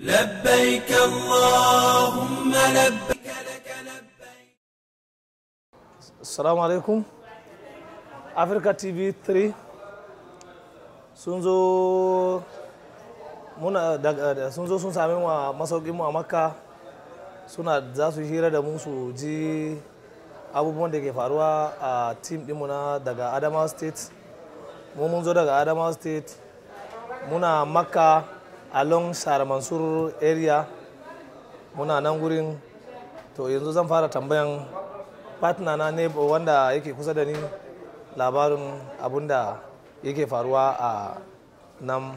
لبيك اللهم لبيك لك لبيك السلام عليكم تي في 3 sun zo muna daga sun sun sami wa masaukin mu a makka suna za su hira da mu su ji abubuwan da ke faruwa a team dinmu na daga adamawa state mun zo daga adamawa state muna makka along sara mansur area muna nan gurin to yanzu zan fara tambayan partner na ne wanda yake kusa da ni labarin abunda yake faruwa a nan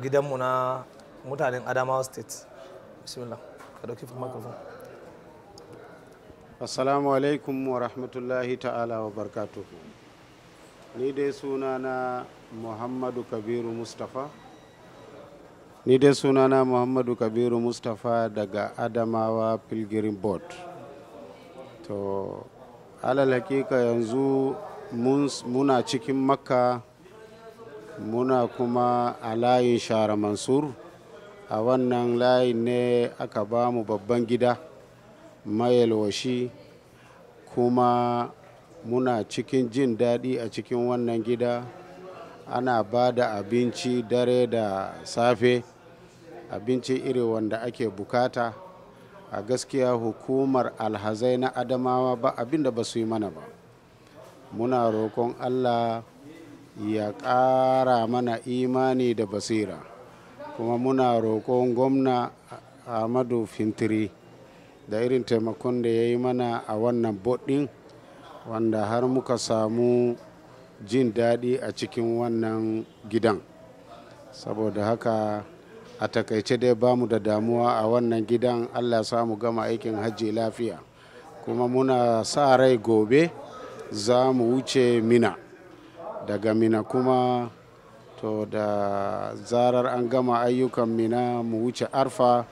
gidanmu na mutanen adamawa state bismillah ka dauki microphone assalamu alaikum wa rahmatullahi ta'ala wa barkatu. ni dai suna na muhammadu kabiru mustapha ni dai sunana muhammadu kabiru mustapha daga adamawa pilgrim board to alal hakika yanzu muna cikin makka muna kuma a layin shara mansur a wannan layin ne aka ba mu babban gida mayalwashi kuma muna cikin jin daɗi a cikin wannan gida ana ba da abinci dare da safe abinci iri wanda ake bukata a gaskiya hukumar alhazai na adamawa ba abinda da ba su yi mana ba muna rokon allah ya ƙara mana imani da basira kuma muna rokon gwamna ahmadu fintiri da irin taimakon da ya yi mana a wannan boɗin wanda har muka samu jin daɗi a cikin wannan gidan saboda haka a takaice dai ba mu da damuwa a wannan gidan allah samu gama aikin hajji lafiya kuma muna sa rai gobe za mu wuce mina daga mina kuma to da zarar an gama ayyukan mina mu wuce arfa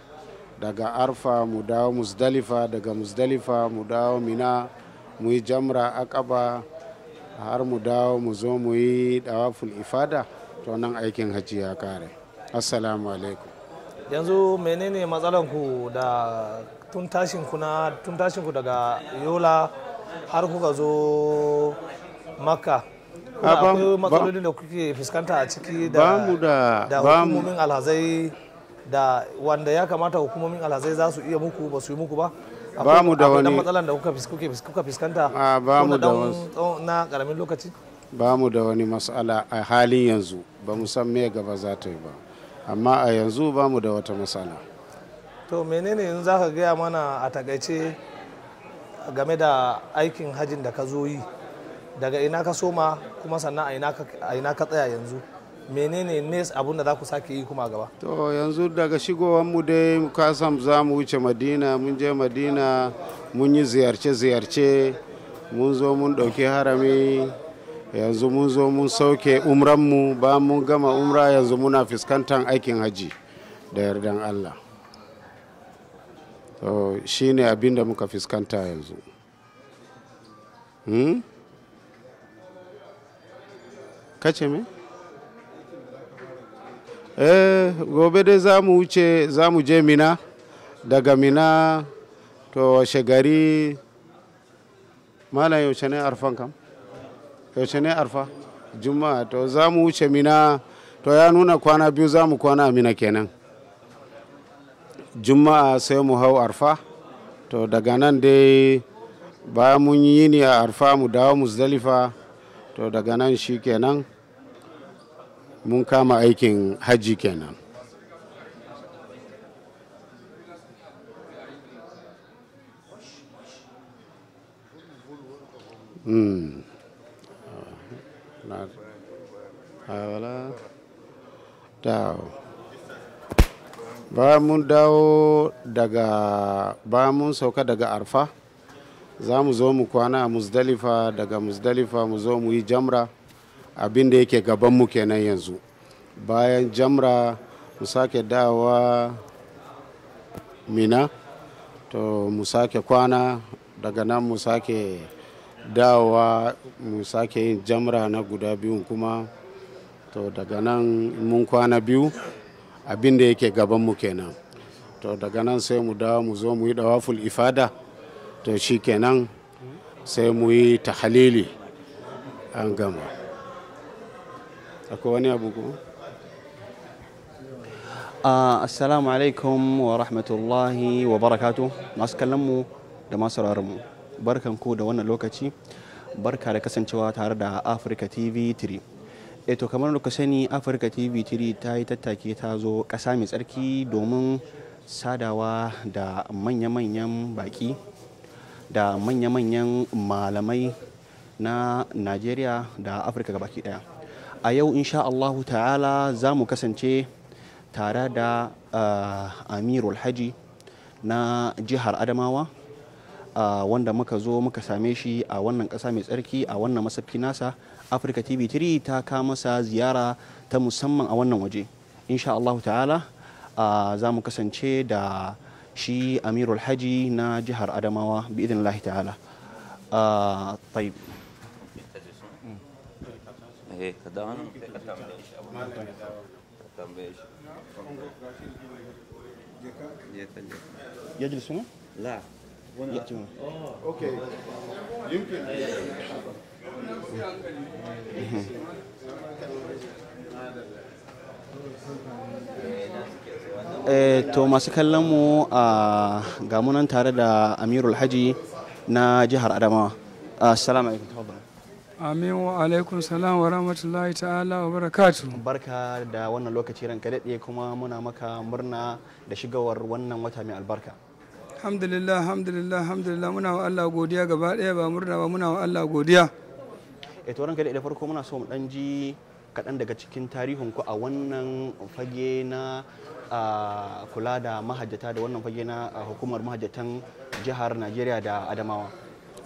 daga arfa mu dawo musdalifa daga musdalifa mu dawo mina mu yi jamra akaba har mu dawo mu zo mu yi dawaful ifada to nan aikin hajji ya kare assalamu alaikum yanzu menene matsalanku da tun tashin ku daga yola har kuka zo makka ah, akwai matsalolin da kuke fuskanta a ciki da hukumomin alhazai da wanda ya kamata hukumomin alhazai za su iya muku ba su yi muku ba ba mu da wani matsalan da kuka fuskanta ah, ba mu da wani na karamin lokaci ba mu da wani matsala a halin yanzu ba mu san me gaba za ta yi ba amma a yanzu ba mu da wata matsala to menene yanzu za ka gaya mana a takaice game da aikin hajin da ka zo yi daga ina ka soma kuma sannan a ina ka tsaya yanzu menene ne abun da za ku sake yi kuma gaba to yanzu daga shigowar mu dai kasam za mu wuce madina mun je madina mun yi ziyarce-ziyarce mun zo mun ɗauki harami yanzu mun zo mun sauke umranmu ba mun gama umra yanzu muna fuskantar aikin haji da yardan allah to shi ne abin da muka fuskanta yanzu hmm kace me? Eh, gobe dai za mu wuce za mu je mina daga mina to washe gari malam yaushe ne arfan kam yaushe ne arfa juma'a to za mu wuce mina to ya nuna kwana biyu za mu kwana a mina kenan juma'a sai mu hau arfa to daga nan dai bayan mun yi ni a arfa mu dawo musdalifa to daga nan shi kenan mun kama aikin hajji kenan hmm. ah, ah, ba mun dawo daga ba mun sauka daga arfa za mu zo mu kwana a musdalifa daga musdalifa mu zo mu yi jamra abin da yake mu kenan yanzu bayan jamra mu sake dawa mina to mu sake kwana daga nan mu sake dawa mu sake yin jamra na guda biyun kuma to daga nan mun kwana biyu abin da yake mu kenan to daga nan sai mu dawa mu zo mu yi dawaful ifada to shi kenan sai mu yi tahalili an gama akwai wani abu ko ah, assalamu alaikum wa rahmatullahi wa barakatu masu kallonmu da masu mu barkan ku da wannan lokaci barka da kasancewa tare da africa tv 3 eto eh, kamar da sani africa tv 3 ta yi tattaki ta zo ƙasa mai tsarki domin sadawa da manya-manyan baki da manya-manyan malamai na najeriya da afirka gabaki ɗaya. a yau insha Allahu ta'ala za mu kasance tare da uh, amirul haji na jihar adamawa uh, wanda muka zo muka same shi a wannan kasa mai tsarki a wannan masafki nasa africa tv 3 ta kama masa ziyara ta musamman a wannan waje insha Allahu ta'ala uh, za mu kasance da shi amirul haji na jihar adamawa bi ta'ala uh, he eh, eh, oh, ka eh, to masu kallon mu a gamunan tare da amirul haji na jihar adamawa assalamu alaikum amin wa alaikun salam wa rahmatullahi ta'ala wa barakatu barka da wannan lokaci ka daɗe kuma muna maka murna da shigawar wannan wata mai albarka alhamdulillah alhamdulillah alhamdulillah muna wa Allah godiya gaba ɗaya ba murna ba muna wa Allah godiya e to ranka da farko muna so mu ɗan ji kaɗan daga cikin tarihin ku a wannan fage na kula da mahajjata da wannan fage na hukumar mahajjatan jihar Najeriya da Adamawa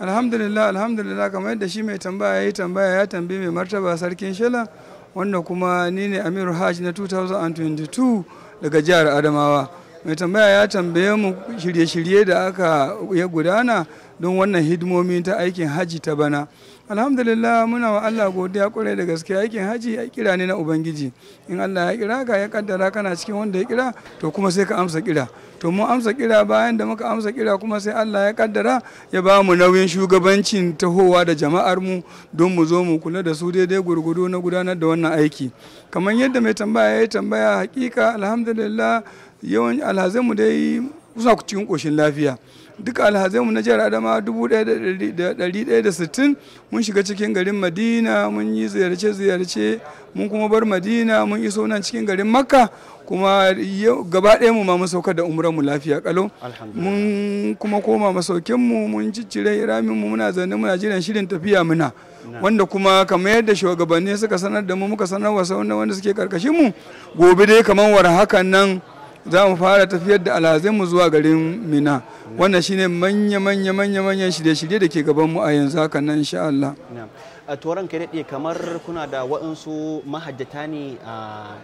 alhamdulillah alhamdulillah kamar yadda shi mai tambaya ya yi tambaya ya tambaye mai martaba sarkin shela wanda kuma ni ne amiru hajj na 2022 daga jihar adamawa mai tambaya ya tambaye mu shirye-shirye da aka ya gudana don wannan hidimomi ta aikin hajji ta bana alhamdulillah muna wa Allah godiya kwarai da gaske aikin haji ya kira ne na ubangiji in Allah ya kira ka ya kaddara kana cikin wanda ya kira to kuma sai ka amsa kira to mu amsa kira bayan da muka amsa kira kuma sai Allah ya kaddara ya ba mu nauyin shugabancin tahowa da jama'ar mu don mu zo mu kula da su daidai gurgudu na gudanar da wannan aiki kamar yadda mai tambaya ya tambaya hakika alhamdulillah yawan mu dai suna cikin koshin lafiya duka mu na jihar adama 1160 mun shiga cikin garin madina mun yi ziyarce-ziyarce mun kuma bar madina mun iso nan cikin garin makka kuma gaba ɗaya mu ma mun saukar da mu lafiya kalo, mun kuma koma mu mun ciccire mu muna zanne muna jiran shirin tafiya muna wanda kuma kamar yadda shugabanni suka sanar da mu muka sanar wa wanda suke karkashin mu gobe dai kamar war hakan nan za mu fara tafiyar da mu zuwa garin mina wannan shine manya manya manya manyan shirye-shirye da ke gaban mu a yanzu haka nan insha Allah a turan kai daɗe kamar kuna da waɗansu mahajjata ne a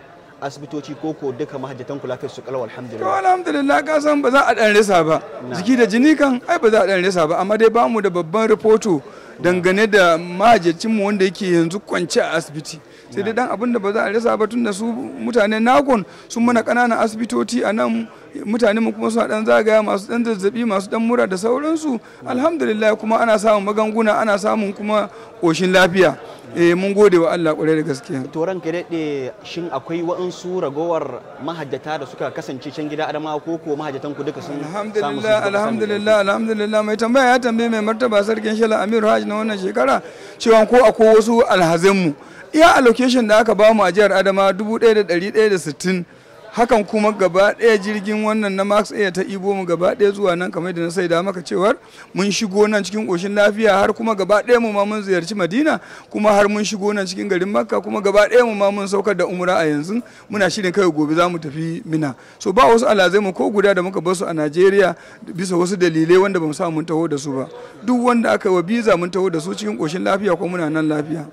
asibitoci ko ko duka mahajjatan kula kai su kalau alhamdulillah to alhamdulillah ka san ba za a dan risa ba jiki da jini kan ai ba za a dan risa ba amma dai bamu da babban rahoto dangane da mahajjacinmu wanda yake yanzu kwance a asibiti sai dai dan abin da ba za a rasa ba tun da su mutanen nakon sun mana kananan asibitoci a nan mutane mu kuma suna dan zagaya masu dan zazzabi masu dan mura da sauransu alhamdulillah kuma ana samun magunguna ana samun kuma koshin lafiya eh mun gode wa Allah kwarai da gaskiya to ranka dade shin akwai wa'ansu ragowar mahajjata da suka kasance can gida adama ko ko mahajjatan ku duka sun alhamdulillah alhamdulillah alhamdulillah mai tambaya ya tambaye mai martaba sarkin shala Amir haji na wannan shekara cewa ko akwai wasu alhazanmu. mu iya allocation da aka bamu a jihar adama 1160 hakan kuma gaba daya jirgin wannan na max air ta ibo mu gaba ɗaya zuwa nan kamar da na sai da maka cewar mun shigo nan cikin ƙoshin lafiya har kuma gaba ɗaya mu ma mun ziyarci madina kuma har mun shigo nan cikin garin makka kuma gaba ɗaya mu ma mun saukar da umra a yanzu muna shirin kai gobe za mu tafi mina so ba wasu alazai mu ko guda da muka basu a najeriya bisa wasu dalilai wanda bamu samu mun taho da su ba duk wanda aka yi wa biza mun taho da su cikin koshin lafiya ko muna nan lafiya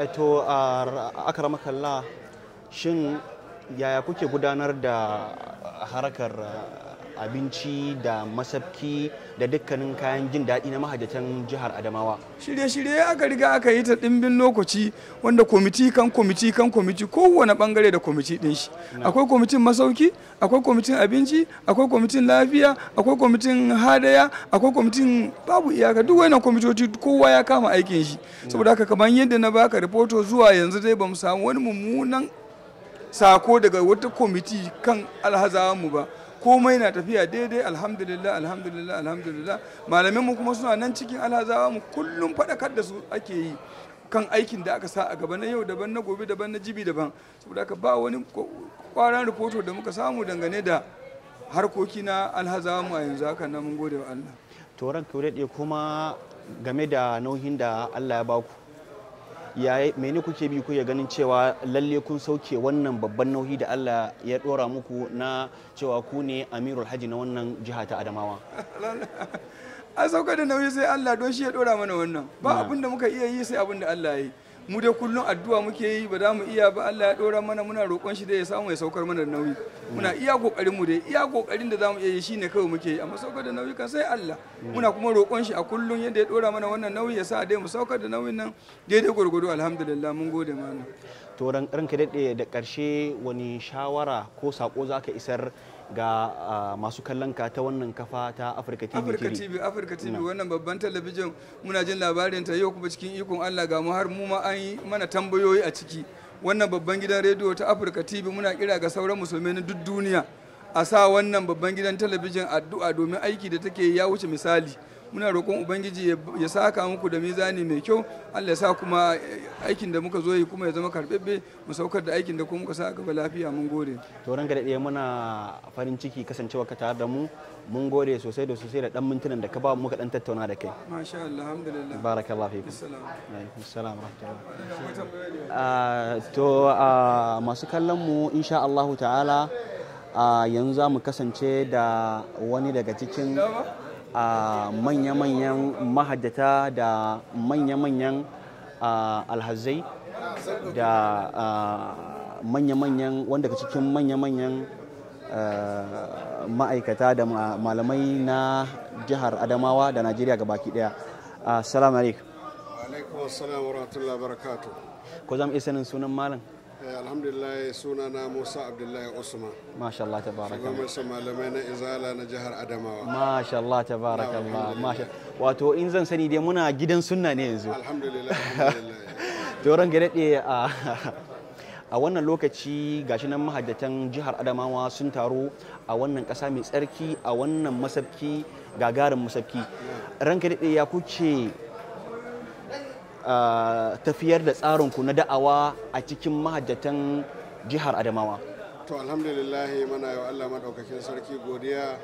Eh, to akramakallah shin yaya kuke gudanar da harkar abinci da masafki da dukkanin kayan jin daɗi na mahajjatan jihar adamawa shirye-shirye aka riga aka yi ta ɗimbin lokaci wanda kwamiti kan kwamiti kan kwamiti kowane bangare da kwamiti ɗin shi akwai kwamitin masauki akwai kwamitin abinci akwai kwamitin lafiya akwai kwamitin hadaya akwai kwamitin babu iyaka duk wani kwamitoci kowa ya kama aikin shi saboda haka kamar yadda na baka rahoto zuwa yanzu dai bamu samu wani mummunan sako daga wata kwamiti kan alhazawanmu ba komai na tafiya daidai alhamdulillah alhamdulillah alhamdulillah malamin mu kuma suna nan cikin alhazawa mu kullum faɗakar da su ake yi kan aikin da aka sa a gaba na yau daban na gobe daban na jibi daban saboda ka ba wani kwaran rahoto da muka samu dangane da harkoki na alhazawa mu a yanzu haka nan mun gode wa Allah to ranka kuma game da nauyin da Allah ya baku ya mene kuke bi kuke ganin cewa lalle kun sauke wannan babban nauyi da Allah ya dora muku na cewa ku ne amirul haji na wannan jiha ta Adamawa a sauka da nauyi sai Allah don shi ya dora mana wannan ba abin da muka iya yi sai abin da Allah ya yi mu dai kullum addu'a muke yi ba za mu iya ba Allah ya dora mana muna roƙon shi da ya samu ya saukar mana da nauyi muna iya kokarin mu dai iya kokarin da zamu iya yi ne kawai muke yi amma saukar da nauyi kan sai Allah muna kuma roƙon shi a kullum yadda ya dora mana wannan nauyi ya sa dai mu saukar da nauyin nan daidai gurgudu alhamdulillah mun gode mana to ranka daɗe da karshe wani shawara ko sako zaka isar ga ah, masu kallon ka ta wannan kafa ta Africa TV Africa TV Africa TV wannan babban talabijin muna jin labarin ta yau kuma cikin ikon Allah ga mu har mu ma an yi mana tambayoyi a ciki wannan babban gidan rediyo ta Africa TV muna kira ga sauran musulmai na duk duniya a sa wannan babban gidan talabijin addu'a domin aiki da take ya wuce misali muna roƙon ubangiji ya saka muku da mizani mai kyau allah ya sa kuma eh, aikin da muka zo yi kuma ya zama karɓaɓɓe mu saukar da aikin da kuma muka sa gaba lafiya mun gode to ran da muna farin ciki kasancewa ka tare da mu mun gode sosai da sosai da dan mintunan da ka ba muka dan tattauna da kai masha Allah alhamdulillah barakallahu fikum alaikum salam ah, to ah, masu kallon mu insha Allah ta'ala ah, yanzu za mu kasance da wani daga cikin a manya-manyan mahaddata da manya-manyan alhazai da manya-manyan wanda ka cikin manya-manyan ma'aikata da malamai na jihar adamawa da najeriya baki daya assalamu alaikum alaikum salamu wa rahmatullahi barakatuh ko za mu iya sanin sunan malam Eh, alhamdulillah sunana musa abdullahi usman masha Allah tabaraka Allah malamai na izala na jihar adamawa masha Allah tabaraka Allah masha wato in zan sani dai muna gidan sunna ne yanzu alhamdulillah to ran gade a wannan lokaci gashi nan mahaddatan jihar adamawa sun taru a wannan ƙasa mai tsarki a wannan masabki gagarin masabki ranka daɗe ya kuce tafiyar da tsarinku na da'awa a cikin mahajjatan jihar Adamawa? To alhamdulillah muna yau Allah maɗaukakin sarki godiya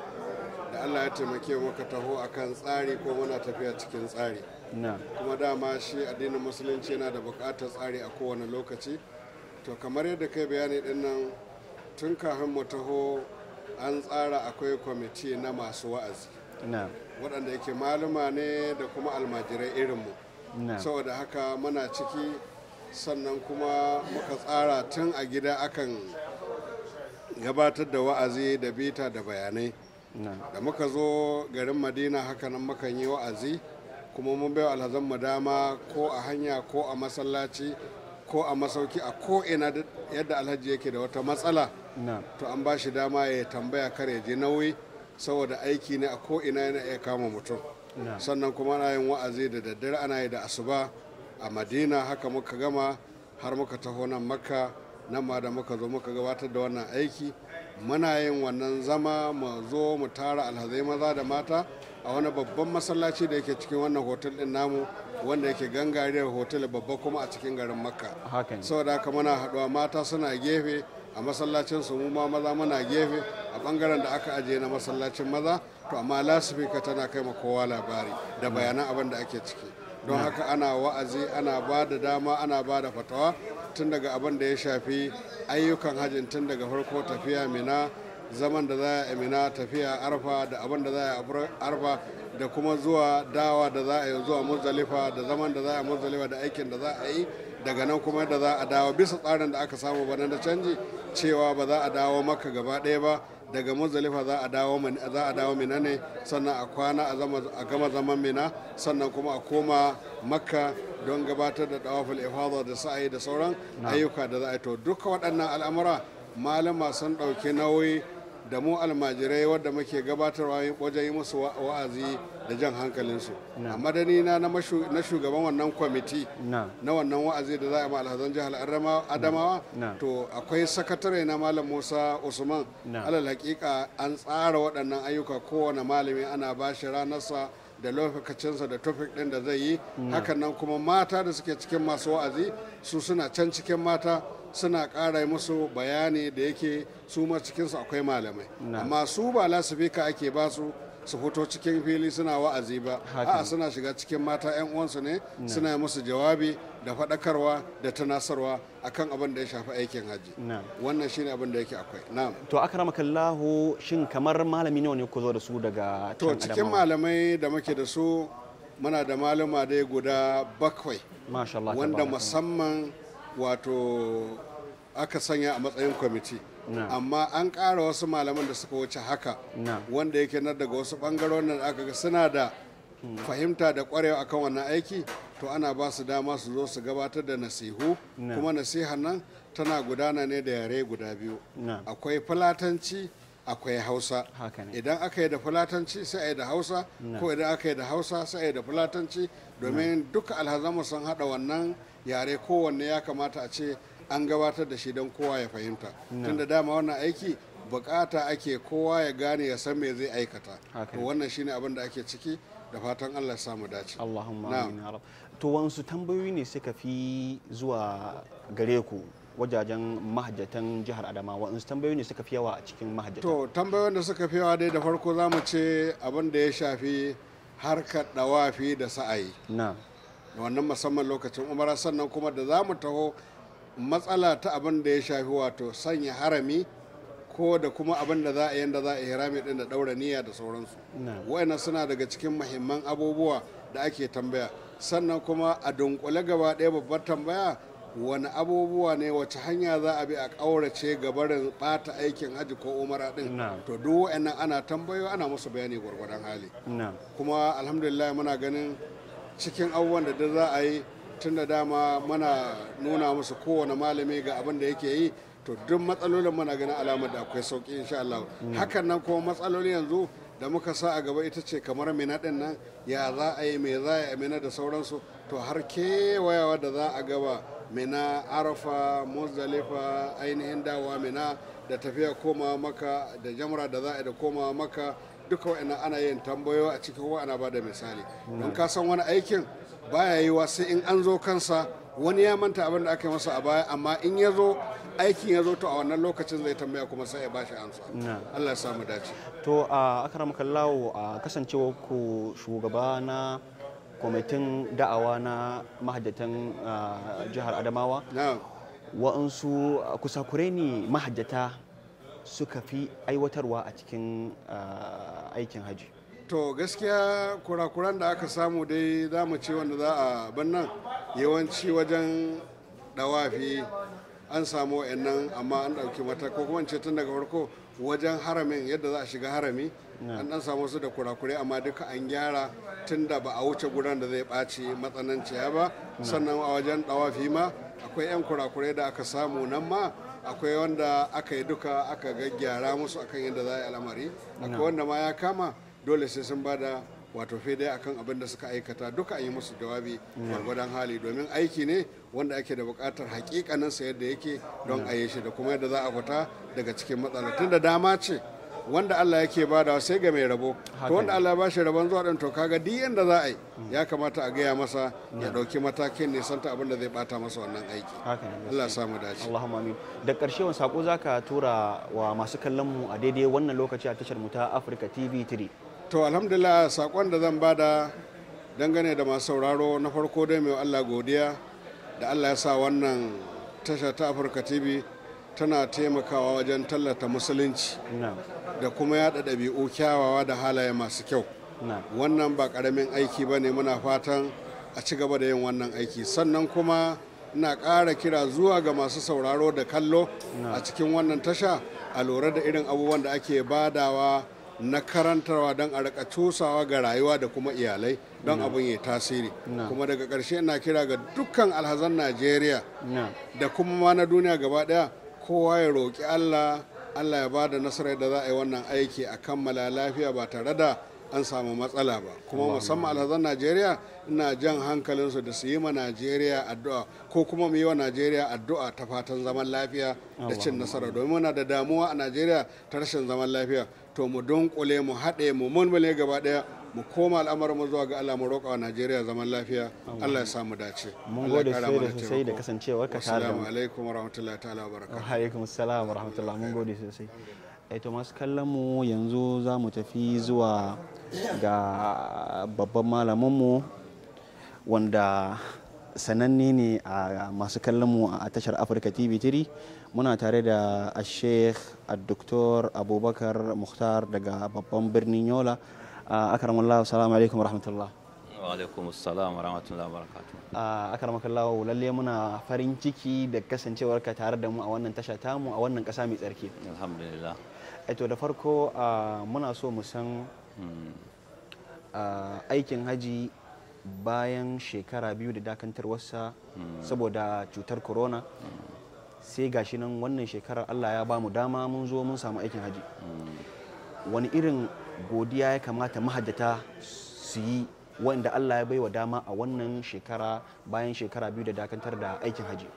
da Allah ya taimake maka taho akan tsari ko muna tafiya cikin tsari. Kuma dama shi addinin musulunci yana da buƙatar tsari a kowane lokaci. To kamar yadda kai bayani din nan tun kafin mu taho an tsara akwai kwamiti na masu wa'azi. Waɗanda yake maluma ne da kuma almajirai irinmu. mu. saboda haka muna ciki sannan kuma muka tsara tun a gida akan gabatar da wa'azi da bita da bayanai da muka zo garin madina hakanan mukan yi wa'azi kuma mun bai alhazan mu dama ko a hanya ko a masallaci ko a masauki a ko ina yadda alhaji yake da wata matsala to an ba shi dama ya tambaya kar ya je nauyi saboda aiki ne a ko ina yana iya kama mutum sannan kuma ana yin wa'azi da daddare ana yi da asuba a madina haka muka gama har muka taho nan makka nan ma da muka zo muka gabatar da wannan aiki muna yin wannan zama mu zo mu tara alhazai maza da mata a wani babban masallaci da yake cikin wannan hotel din namu wanda yake gangariyar hotel babba kuma a cikin garin makka saboda haka muna haɗuwa mata suna gefe a masallacin su mu ma maza muna gefe a bangaren da aka ajiye na masallacin maza to amma lasifika tana kai ma kowa labari da bayanan abin da ake ciki don haka ana wa'azi ana ba da dama ana ba da fatawa tun daga abin da ya shafi ayyukan hajjin tun daga farko tafiya mina zaman da za a yi mina tafiya arfa da abin da za a yi arfa da kuma zuwa dawa da za a yi zuwa muzalifa da zaman da za a yi muzalifa da aikin da za a yi daga nan kuma da za a dawo bisa tsarin da aka samu bana da canji cewa ba za a dawo maka gaba ɗaya ba daga muzdalifa za a dawo za mina ne sannan a kwana a gama zaman mina sannan kuma a koma makka don gabatar da dawaful ifada da sa'ayi da sauran ayyuka da za a yi to duka waɗannan al'amura malama sun ɗauki nauyi da mu almajirai wadda muke gabatarwa wajen yi musu wa'azi da jan hankalinsu a madanina na shugaban wannan kwamiti na wannan wa'azi da za a ma alhazan jihar adamawa to akwai sakatare na malam musa usman alal hakika an tsara waɗannan ayyuka kowane malami ana ba shi ranarsa da lokacinsa da topic ɗin da zai yi hakan nan kuma mata da suke cikin masu wa'azi su suna can cikin mata suna ƙara musu bayani da yake su ma cikinsu akwai malamai amma su ba lasifika ake ba su su fito cikin fili suna wa'azi ba a'a suna shiga cikin mata 'yan uwansu ne suna musu jawabi da faɗakarwa da tunasarwa akan abin da ya shafi aikin hajji wannan shine abin da yake akwai na'am to akramaka kallahu shin kamar malami nawa ne ku zo da su daga to cikin malamai da muke da su muna da malama dai guda bakwai wanda musamman wato aka sanya a matsayin kwamiti amma an ƙara wasu malaman da suka wuce haka wanda yake na daga wasu ɓangarorin da aka ga suna da fahimta da ƙwarewa akan wannan aiki to ana ba su dama su zo su gabatar da nasihu kuma nasiha nan tana gudana ne da yare guda biyu akwai fulatanci akwai hausa idan aka yi da fulatanci sai a yi da hausa ko idan aka yi da hausa sai a yi da fulatanci domin duka alhazanmu sun haɗa wannan yare kowanne ya kamata a ce an gabatar da shi don kowa ya fahimta tunda dama wannan aiki bukata ake kowa ya gane ya san me zai aikata to wannan shine abin da ake ciki da fatan Allah ya samu dace Allahumma amin ya to wansu tambayoyi ne suka fi zuwa gare ku wajajen mahajjatan jihar adamawa waɗansu tambayoyi ne suka fi yawa a cikin mahajjatan to tambayoyin da suka fi yawa dai da farko za mu ce abin da ya shafi harkar dawafi da sa'ayi na wannan musamman lokacin umara sannan kuma da za mu taho matsala ta abin da ya shafi wato sanya harami ko da kuma abin da za a yanda za a yi harami din da daura niyya da sauransu wa'ina suna daga cikin mahimman abubuwa da ake tambaya sannan kuma a dunkule gaba ɗaya babbar tambaya wani abubuwa ne wace hanya za a bi a ƙaurace gabarin ɓata aikin haji ko umara din to duk wa'annan ana tambayo ana musu bayani gwargwadon hali kuma alhamdulillah muna ganin cikin abubuwan da za a yi tun da dama mana nuna musu kowane malami ga abin da yake yi to duk matsalolin muna ganin alamar da akwai sauki insha Allah hakan nan kuma matsaloli yanzu da muka sa a gaba ita ce kamar mina din nan ya za a yi me za a mina da sauransu to har kewayawa da za a gaba mina arafa Muzalifa, ainihin dawa mina da tafiya koma maka da jamra da za a da koma maka duka wa'ina ana yin tambayo a cikin wa'ana ba da misali don ka san wani aikin baya wa sai in an zo kansa wani ya manta abin da aka yi masa a baya amma in ya zo aikin ya zo to a wannan lokacin zai tambaya kuma sai ya bashi amsa Allah ya samu dace to a akaram kallawo a kasancewa ku shugaba na kwamitin da'awa na mahajjatan jihar Adamawa wa'ansu kusakurai ne mahajjata suka fi aiwatarwa a cikin aikin hajji. to gaskiya kurakuran da aka samu dai za mu ce wanda za a bannan yawanci wajen dawafi an samu nan amma an ɗauki mata ko kuma ce tun daga farko wajen haramin yadda za a shiga harami an dan samu su da kurakurai amma duka an gyara tun da ba a wuce guran da zai ɓaci matsananciya ba sannan a wajen ɗawafi ma akwai 'yan kurakurai da aka samu nan ma akwai wanda aka yi duka aka gaggyara musu akan yadda za a yi al'amari akwai wanda ma ya kama dole sai sun bada wato fede akan abin da suka aikata duka an yi musu jawabi gwargwadon hali domin aiki ne wanda ake da bukatar hakikanin sa yadda yake don a shi da kuma yadda za a fita daga cikin matsala tun da dama ce wanda Allah yake badawa sai ga mai rabo to wanda Allah ya bashi rabon zuwa din to kaga duk yanda za a yi ya kamata a gaya masa ya dauki matakin ne santa abin da zai bata masa wannan aiki Allah samu dace Allahumma amin da ƙarshe wani sako zaka tura wa masu kallon mu a daidai wannan lokaci a tashar mu ta Africa TV 3 to alhamdulillah sakon da zan bada dangane da masu sauraro na farko dai mai allah godiya da allah ya sa wannan tasha ta afirka tv tana taimakawa wajen tallata musulunci da kuma yada ɗabi'u kyawawa da halaye masu kyau wannan ba ƙaramin aiki ba ne muna fatan a ci gaba da yin wannan aiki sannan kuma na ƙara kira zuwa ga masu sauraro da kallo a cikin wannan tasha a lura da irin abubuwan da ake badawa na karantarwa don a rika cusawa ga rayuwa da kuma iyalai don abin ya tasiri kuma daga karshe na kira ga dukkan alhazan najeriya da kuma ma na duniya gaba daya kowa ya roƙi allah allah ya ba da nasarar da za a yi wannan aiki a kammala lafiya ba tare da an samu matsala ba kuma musamman alhazan najeriya ina jan hankalinsu da su yi ma najeriya addu'a ko kuma mu yi wa najeriya addu'a ta fatan zaman lafiya da cin nasara domin muna da damuwa a najeriya ta rashin zaman lafiya to mu dunkule mu haɗe mu mulmule gaba ɗaya mu koma mu zuwa ga Allah mu roƙa wa Najeriya zaman lafiya Allah ya samu dace mun gode sai da sosai da kasancewar ka tare assalamu alaikum warahmatullahi ta'ala wabarakatuh wa alaikum assalam warahmatullahi mun gode sosai eh to masu kallon mu yanzu za mu tafi zuwa ga babban malamin mu wanda sananne ne a ah, masu kallon mu a tashar Afirka TV 3 muna tare da sheikh doktor abubakar muhtar daga babban birnin yola A ah, lawa salamu alaikum rahmatullah wa alaikum salam wa rahmatullahi wa barakatuh ah, lawa lalle muna farin ciki da kasancewar ka tare da mu a wannan tasha tamu a wannan kasa mai tsarki alhamdulillah eh, to da farko ah, muna so mu san hmm. aikin haji bayan shekara biyu da dakantarwarsa hmm. saboda cutar corona hmm. sai gashi nan wannan shekarar allah ya bamu dama mun zo mun samu aikin haji wani irin godiya ya kamata mahajjata su yi wanda allah ya baiwa dama a wannan shekara bayan shekara biyu da dakantar da aikin haji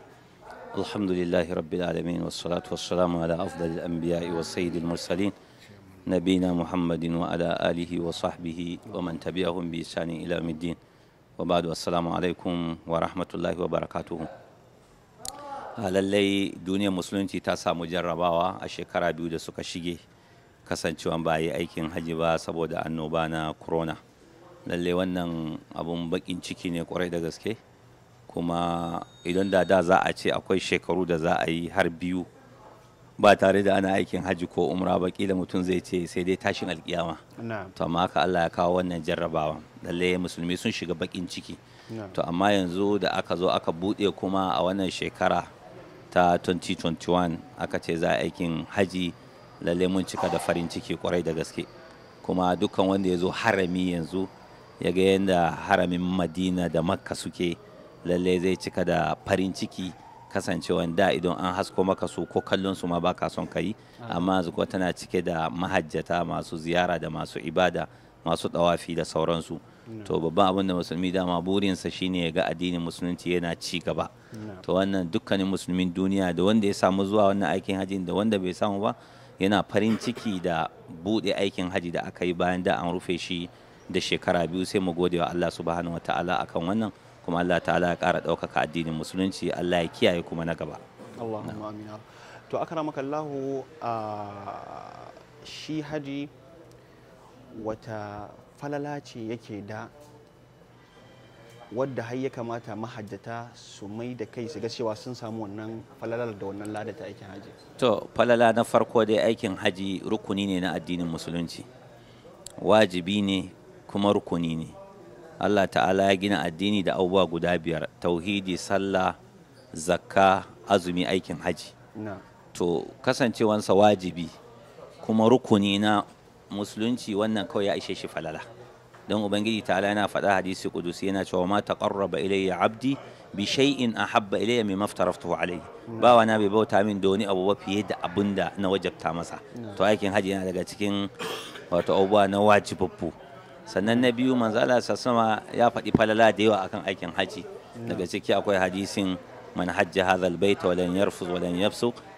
الحمد لله رب العالمين والصلاة والسلام على أفضل الأنبياء والسيد المرسلين نبينا محمد وعلى آله وصحبه ومن تبعهم بإحسان إلى يوم الدين وبعد السلام عليكم ورحمة الله وبركاته A ah, lallai duniyar musulunci ta samu jarrabawa a shekara biyu da suka shige kasancewa ba yi aikin hajji ba saboda annoba na corona lallai wannan abun bakin ciki ne kwarai da gaske kuma idan da da za a ce akwai shekaru da za a yi har biyu ba tare da ana aikin hajji ko umra ba kila mutum zai ce sai dai tashin alkiyama to amma haka Allah ya kawo wannan jarrabawa lallai musulmi sun shiga bakin ciki to amma yanzu da aka zo aka buɗe kuma a wannan shekara ta 2021 aka ce za aikin haji lalle mun cika da farin ciki kwarai da gaske kuma dukkan wanda ya zo harami yanzu ya ga yadda haramin madina da makka suke lalle zai cika da farin ciki kasancewan da idan an hasko maka su ko kallon su ma ka son ka yi amma zuwa tana cike da mahajjata masu ziyara da masu ibada masu dawafi da sauransu to babban abin da musulmi dama burinsa shine ya ga addinin musulunci yana ci gaba to wannan dukkanin musulmin duniya da wanda ya samu zuwa wannan aikin haji da wanda bai samu ba yana farin ciki da buɗe aikin haji da aka yi bayan da an rufe shi da shekara biyu sai mu gode wa Allah subhanahu wataala akan wannan kuma Allah ta'ala ya ƙara ɗaukaka addinin musulunci Allah ya kiyaye kuma na gaba Allahumma amina to akramaka Allah ah, shi haji wata falala ce yake da wadda har ya kamata mahajjata su mai da kai su ga cewa sun samu wannan falalar da wannan lada aikin haji to falala na farko dai aikin haji rukuni ne na addinin musulunci wajibi ne kuma rukuni ne Allah ta'ala ya gina addini da abubuwa guda biyar tauhidi sallah zakka azumi aikin haji to kasancewansa wajibi kuma rukuni na musulunci wannan kawai ya ishe shi falala don ubangiji ta'ala yana faɗa hadisi kudusi yana cewa ma ƙarraba ilayya abdi bi shay'in ahabba ilayya mai aftaraftuhu alayhi hmm. bawa na bai bauta min da wani abu ba fiye da da na wajabta masa hmm. to aikin haji yana daga cikin wata abubuwa na wajibabbu sannan na biyu manzala sassama ya faɗi falala da yawa akan aikin hajji hmm. daga ciki akwai hadisin man hajja hadha albayta wa lan yarfuz wa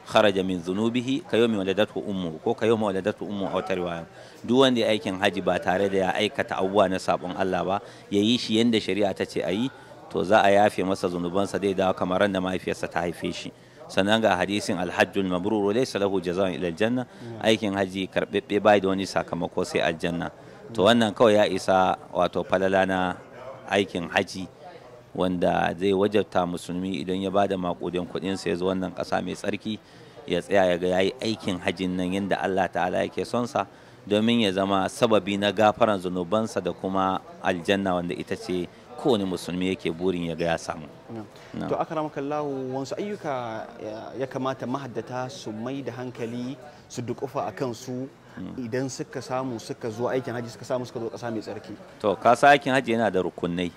kharaja min zunubihi ka yau waladatu ummu ko ka yau waladatu ummu a wata riwaya duk wanda ya aikin haji ba tare da ya aikata abubuwa na sabon Allah ba ya yi shi yadda shari'a ta ce a yi to za a yafe masa zunubansa dai da kamar da mahaifiyarsa ta haife shi sannan ga hadisin alhajjul mabrur laysa lahu jazaa'un ila aljanna aikin hajji karbebbe bai da wani sakamako sai aljanna to wannan kawai ya isa wato falala na aikin hajji. wanda zai wajabta musulmi idan ya bada makudin kuɗin sa ya zo wannan ƙasa mai tsarki ya tsaya ya ga yayi aikin hajjin nan yadda Allah ta'ala yake son sa domin ya zama sababi na gafaran zunubansa da kuma aljanna wanda ita ce kowane musulmi yake burin ya ga ya samu. To aka rama Allahu wasu ayyuka ya kamata mahaddata su mai da hankali su dukufa a su. idan suka samu suka zo aikin haji suka samu suka zo ƙasa mai tsarki to kasa aikin haji yana da rukunai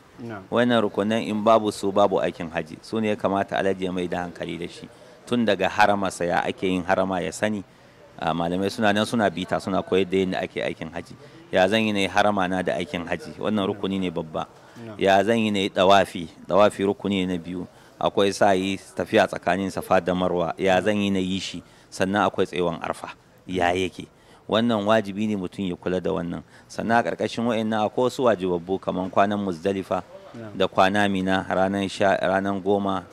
wannan rukunan in babu su babu aikin haji su ne ya kamata alhaji ya mai da hankali da shi tun daga harama saya ake yin harama ya sani ah, malamai suna nan suna bita suna koyar da yadda ake aikin haji ya zan yi na harama na da aikin haji wannan rukuni ne babba ya zan yi na dawafi dawafi rukuni na biyu akwai sa yi tafiya tsakanin safa da marwa ya zan yi na yi shi sannan akwai tsayuwan arfa ya yake wannan wajibi ne mutum ya kula da wannan sannan a ƙarƙashin na akwai wasu wajibabbu kamar kwanan muzdalifa da kwana mina ranar goma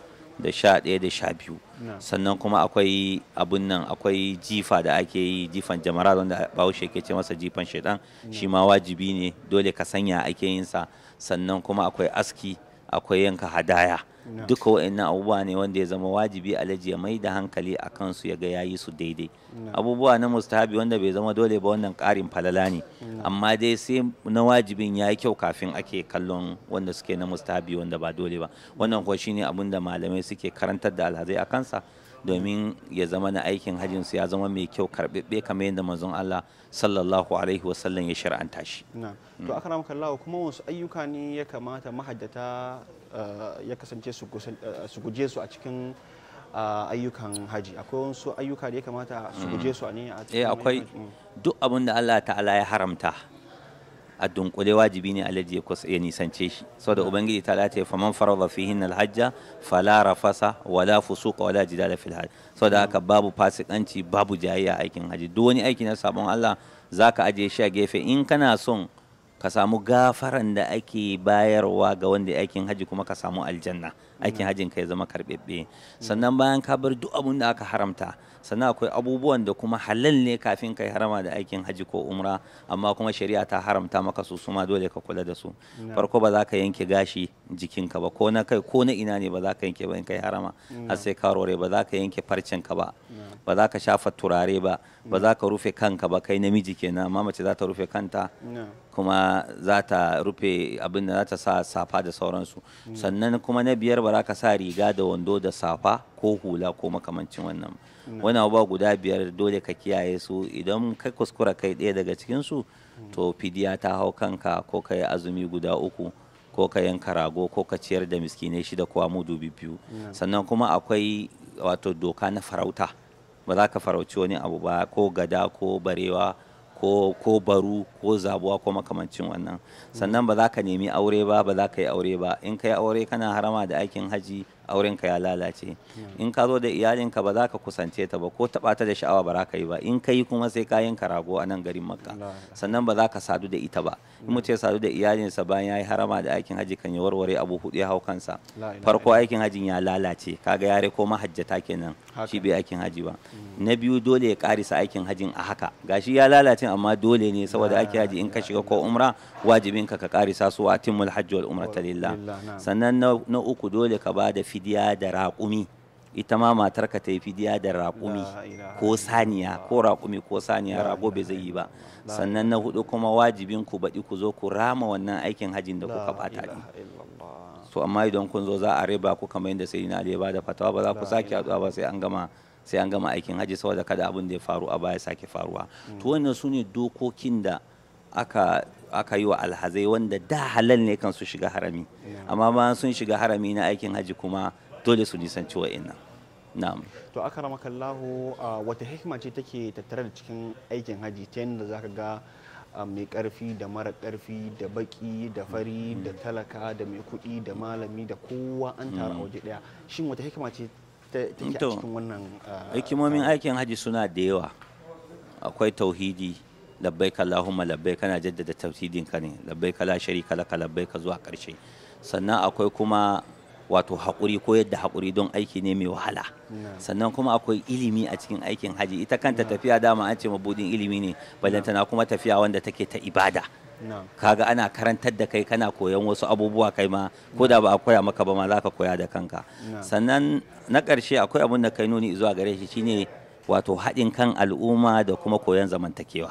da sha ɗaya da sha biyu sannan kuma akwai abun nan akwai jifa da ake yi jifan jamara wanda bahaushe ke ce masa jifan shaidan shi ma wajibi ne dole ka sanya ake yinsa sannan kuma akwai aski akwai yanka hadaya duka wa'annan abubuwa ne wanda ya zama wajibi alhaji ya mai da hankali a kansu ya ga ya yi su daidai abubuwa na mustahabi wanda bai zama dole ba wannan ƙarin falala ne amma dai sai na wajibin ya yi kyau kafin ake kallon wanda suke na mustahabi wanda ba dole ba wannan kuwa shi abin da malamai suke karantar da alhazai a kansa domin ya zama na aikin hajjin su ya zama mai kyau karɓaɓɓe kamar yadda manzon Allah sallallahu alaihi wasallam ya shar'anta shi. Mm. To aka ramka kuma wasu ayyuka ne ya kamata mahajjata. Eh, ya kasance eh, su guje su a cikin eh, ayyukan haji akwai wasu ayyuka da ya kamata su guje su a ne a cikin akwai duk abin da Allah ta'ala ya haramta a dunkule wajibi ne alaji ya nisance shi saboda ubangiji ta lati fa man farada fihin alhajja fala rafasa wala fusuqa wala jidala fil hajj saboda haka babu fasikanci babu jayayya aikin haji duk wani aiki na sabon Allah zaka aje shi a gefe in kana son ka samu gafaran da ake bayarwa ga wanda aikin haji kuma ka samu aljanna aikin mm. hajin ka ya zama karɓaɓɓe mm. sannan bayan ka bar duk abin da aka haramta sannan akwai abubuwan da kuma halal ne kafin kai harama da aikin haji ko umra amma kuma shari'a ta haramta maka su suma dole ka kula da su farko ba za ka yanke gashi jikinka ba ko na kai ko na ina ne ba za ka yanke ba in kai harama har sai ka rore ba za ka yanke farcen ka ba ba za ka shafa turare ba ba za ka rufe kanka ba kai namiji kenan amma mace za ta rufe kanta kuma za ta rufe abin da za ta sa safa da sauransu sannan kuma na biyar ba za ka sa riga da wando da safa ko hula ko makamancin wannan wani abubuwa guda biyar dole ka kiyaye su idan ka kuskura kai ɗaya daga cikinsu to fidiya ta hau kanka ko ka yi azumi guda uku ko ka yanka rago ko ka ciyar da miskinai shida ko mudu biyu sannan kuma akwai wato doka na farauta ba za ka farauci wani abu ba ko gada ko barewa ko ko baru ko zabuwa ko makamancin wannan sannan ba za ka nemi aure ba ba za ka yi aure ba in ka yi aure kana harama da aikin haji aurenka ya lalace in ka zo da iyalinka ba za ka kusance ta ba ko taba ta da sha'awa ba za ka yi ba in ka yi kuma sai ka yanka rago a nan garin makka sannan ba za ka sadu da ita ba in mutum ya sadu da iyalinsa bayan ya yi harama da aikin haji kan ya warware abu hudu ya hau kansa farko aikin hajin ya lalace kaga yare ko mahajja ta kenan shi bai aikin haji ba mm. na biyu dole ya karisa aikin hajin a haka gashi ya lalace amma dole ne saboda aikin haji in ka shiga ko umra wajibinka ka karisa su a timmul hajji wal umrata lillah sannan na uku dole ka ba da fidiya da raƙumi ita ma matarka ta yi fidiya da raƙumi ko saniya ko raƙumi ko saniya rago bai zai yi ba sannan na hudu kuma wajibin ku baɗi ku zo ku rama wannan aikin hajin da kuka bata ɗi to amma idan kun zo za a riba ku kamar yadda sai na ba da fatawa ba za ku sake haɗuwa ba sai an gama sai an gama aikin haji saboda kada abin da ya faru a baya sake faruwa to wannan su ne dokokin da aka aka yi wa alhazai wanda da halal ne kan su shiga harami amma bayan sun shiga harami na aikin haji kuma dole su nisanci na na'am to aka rama kallahu wata hikima ce take tattare da cikin aikin haji ta yadda zaka ga mai karfi da mara karfi da baki da fari da mm. talaka da mai kuɗi da malami da kowa an tara mm. waje ɗaya shin wata hikima ce take a cikin wannan hikimomin aikin haji suna da yawa akwai tauhidi ka Allahumma labbai kana jaddada tauhidin ka ne labbaik la sharika laka ka zuwa karshe sannan akwai kuma wato hakuri ko yadda hakuri don aiki ne mai wahala sannan kuma akwai ilimi a cikin aikin haji ita kanta tafiya dama an ce mabudin ilimi ne balantana kuma tafiya wanda take ta ibada kaga ana karantar da kai kana koyon wasu abubuwa kai ma ko da ba a koya maka ba ma za ka koya da kanka sannan na ƙarshe akwai abin da kai nuni zuwa gare shi shine wato haɗin kan al'umma da kuma koyon zamantakewa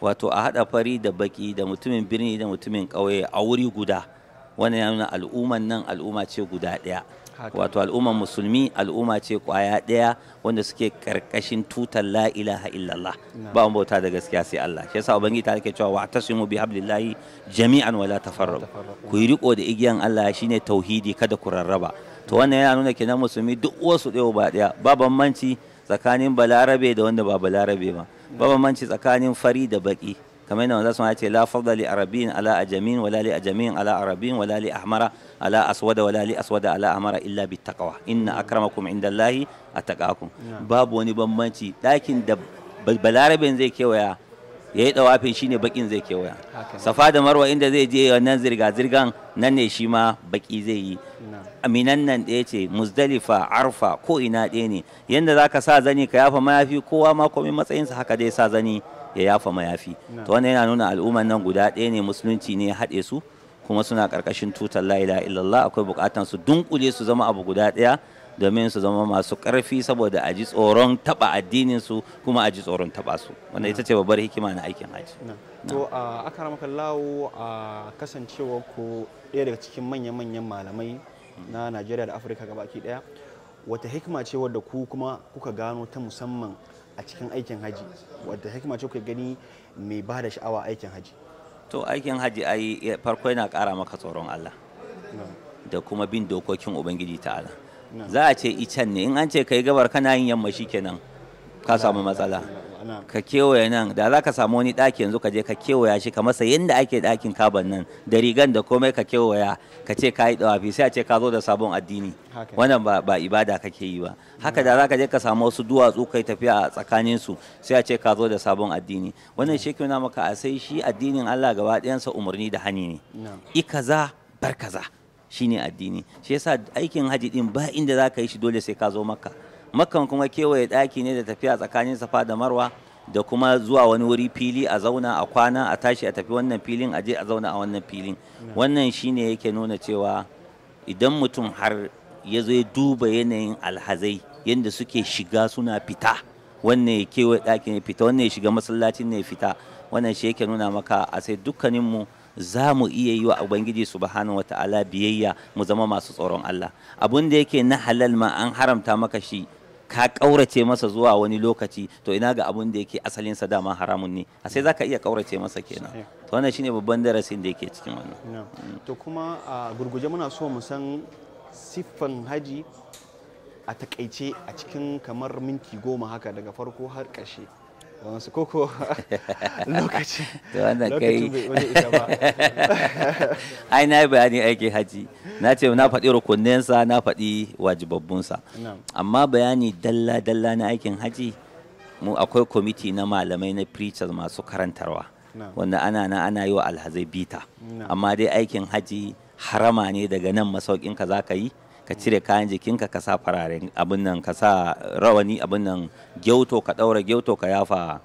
wato a haɗa fari da baki da mutumin birni da mutumin ƙauye a wuri guda wani nuna al'umman nan al'umma ce guda ɗaya wato al'umman musulmi al'umma ce kwaya ɗaya wanda suke karkashin tutar la ilaha illallah ba mu bauta da gaskiya sai Allah shi yasa ubangi ta yake cewa wa wa'tasimu bi hablillahi jami'an wala tafarraqu ku yi riko da igiyan Allah shine tauhidi kada ku rarraba to wannan yana nuna kenan musulmi duk wasu ɗaya ba ɗaya ba bambanci tsakanin balarabe da wanda ba balarabe ba ba tsakanin fari da baki kamar yadda manzo suna ce la fadda li arabin ala ajamin wala li ajamin ala arabin wala li ahmara ala aswada wala li aswada ala ahmara illa bi taqwa inna akramakum indallahi attaqakum babu wani bambanci dakin da balarabin zai kewaya ya yi dawafin shine bakin zai kewaya safa da marwa inda zai je wannan zirga zirgan nan ne shi ma baki zai yi minan nan ɗaya ce muzdalifa arfa ko ina ɗaya ne yadda za ka sa zani ka yafa mayafi kowa ma komai matsayinsa haka dai sa zani ya yafa mayafi to wannan yana nuna al'umman nan guda ɗaya ne musulunci ne ya haɗe su kuma suna ƙarƙashin tutar la ilaha illallah akwai buƙatan su dunkule su zama abu guda ɗaya domin su zama masu ƙarfi saboda a ji tsoron taɓa addinin su kuma a ji tsoron taɓa su wanda ita ce babbar hikima na aikin haji. to a aka ramaka lawo a kasancewa ko ɗaya daga cikin manya-manyan malamai na najeriya da afirka gabaki daya wata hikima ce wadda ku kuma kuka gano ta musamman a cikin aikin haji wadda hikima ce kuka gani mai ba da sha'awa aikin haji to aikin haji ai eh, farko yana kara maka tsoron allah da kuma bin dokokin ubangiji ta'ala za a ce ican ne in an ce kai gabar kana yin yamma shi shikenan ka samu matsala ka kewaye nan da za ka samu wani ɗaki yanzu ka je ka kewaya shi ka masa yadda ake ɗakin kaban nan da rigan da komai ka kewaya ka ce ka yi ɗawafi sai a ce ka zo da sabon addini wannan ba ibada kake yi ba haka da za ka je ka samu wasu duwatsu kai tafiya a tsakanin su sai a ce ka zo da sabon addini wannan shi ke maka a sai shi addinin Allah gaba ɗayansa umarni da hani ne ikaza barkaza shine addini shi yasa aikin haji din ba inda za ka yi shi dole sai ka zo maka makan kuma kewaye daki ne da tafiya tsakanin safa da marwa da kuma zuwa wani wuri fili a zauna a kwana a tashi a tafi wannan filin a je a zauna a wannan filin wannan shine yake nuna cewa idan mutum har ya zo duba yanayin alhazai yadda suke shiga suna fita wannan ya kewaye daki ne fita wannan ya shiga masallacin ne fita wannan shi yake nuna maka a sai dukkaninmu za mu iya yi wa ubangiji subhanahu wataala biyayya mu zama masu tsoron Allah abun da yake na halal ma an haramta maka shi ka kaurace masa zuwa wani lokaci to ina ga abun da yake asalin sa dama haramun ne a sai zaka iya kaurace masa kenan to wannan shine babban darasin da yake cikin wannan mm. to kuma a gurguje muna so mu san siffan haji a takaice a cikin kamar minti goma haka daga farko har ƙarshe wansu koko lokaci to wannan kai ai na bayani aikin haji na ce na faɗi rukuninsa na faɗi wajibabbunsa amma bayani dalla-dalla na aikin haji mu akwai kwamiti na malamai na preachers masu karantarwa wanda ana na ana yi wa alhazai bita amma dai aikin haji harama ne daga nan masaukinka za ka yi ka cire kayan jikinka ka sa fararen abin nan ka sa rawani abin nan gyauto ka ɗaura gyauto ka yafa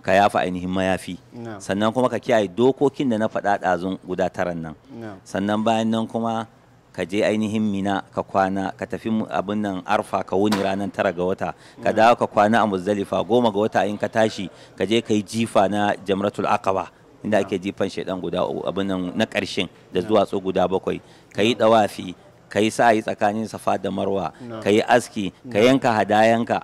ka yafa ainihin mayafi sannan kuma ka kiyaye dokokin da na faɗa ɗazun guda taran nan sannan bayan nan kuma ka je ainihin mina ka kwana ka tafi abin nan arfa ka wuni ranar tara ga wata ka dawo ka kwana a muzdalifa goma ga wata in ka tashi ka je ka yi jifa na jamratul akaba inda ake jifan shaidan guda abin nan na ƙarshen da zuwa tso guda bakwai ka yi ɗawafi ka yi yi tsakanin safa da marwa ka yi aski ka yanka hadayanka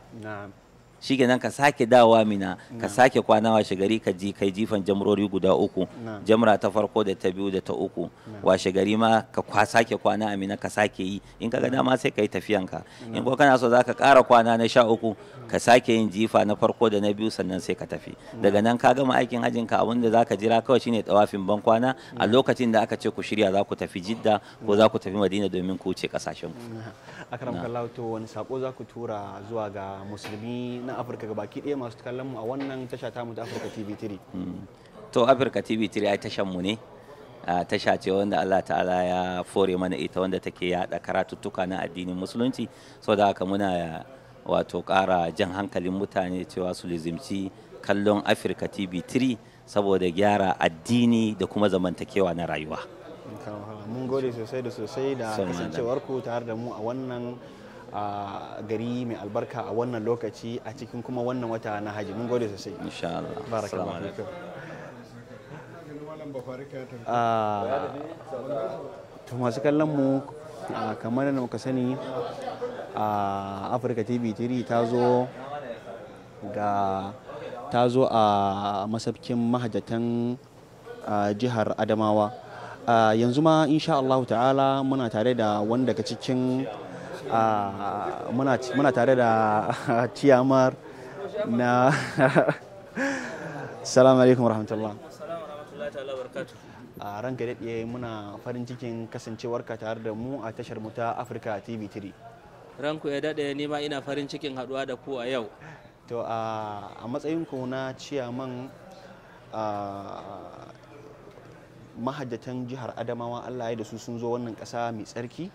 shikenan ka sake dawa mina ka sake kwana shigari ka ji kai jifan jamrori guda uku jamra ta farko da ta biyu da ta uku wa gari ma ka kwa sake kwana amina ka sake yi in ka ga dama sai ka yi tafiyanka in ko kana so za ka ƙara kwana na sha uku ka sake yin jifa na farko da na biyu sannan sai ka tafi daga nan ka gama aikin hajjin ka abin da za ka jira kawai shine tawafin ban kwana a lokacin da aka ce ku shirya za ku tafi jidda ko za ku tafi madina domin ku wuce kasashen ku akaram kallahu to wani sako za ku tura zuwa ga musulmi na afirka gabaki ɗaya masu kallon mu a wannan tasha tamu ta afirka tv 3 hmm. to afirka tv 3 ai tashan mu ne tasha ce wanda Allah ta'ala ya fore mana ita wanda take yada karatuttuka na addinin musulunci da haka muna wato ƙara jan hankalin mutane cewa su lizimci kallon afirka tv 3 saboda gyara addini da kuma zamantakewa na rayuwa mun gode sosai da sosai da kasancewarku tare da mu a wannan a gari mai albarka a wannan lokaci a cikin kuma wannan wata na haji mun gode sosai insha Allah barakallahu ah, to masu kallon mu ah, kamar da muka sani a ah, Afirka TV 3 ta zo ga ta zo a masafkin mahajatan jihar Adamawa yanzu ma insha Allah ta'ala muna tare da wanda ka cikin Ah, muna tare da ciyamar na salamu alaikum rahmatullah a ah, ranka daɗe muna farin cikin kasancewarka tare da mu a tashar mu ta afirka tv3 ranku ya daɗe ni ma ina farin cikin haɗuwa da ku a yau to ah, a matsayin ku na ciyaman mahajjatan jihar adamawa allah ya da su sun zo wannan ƙasa mai tsarki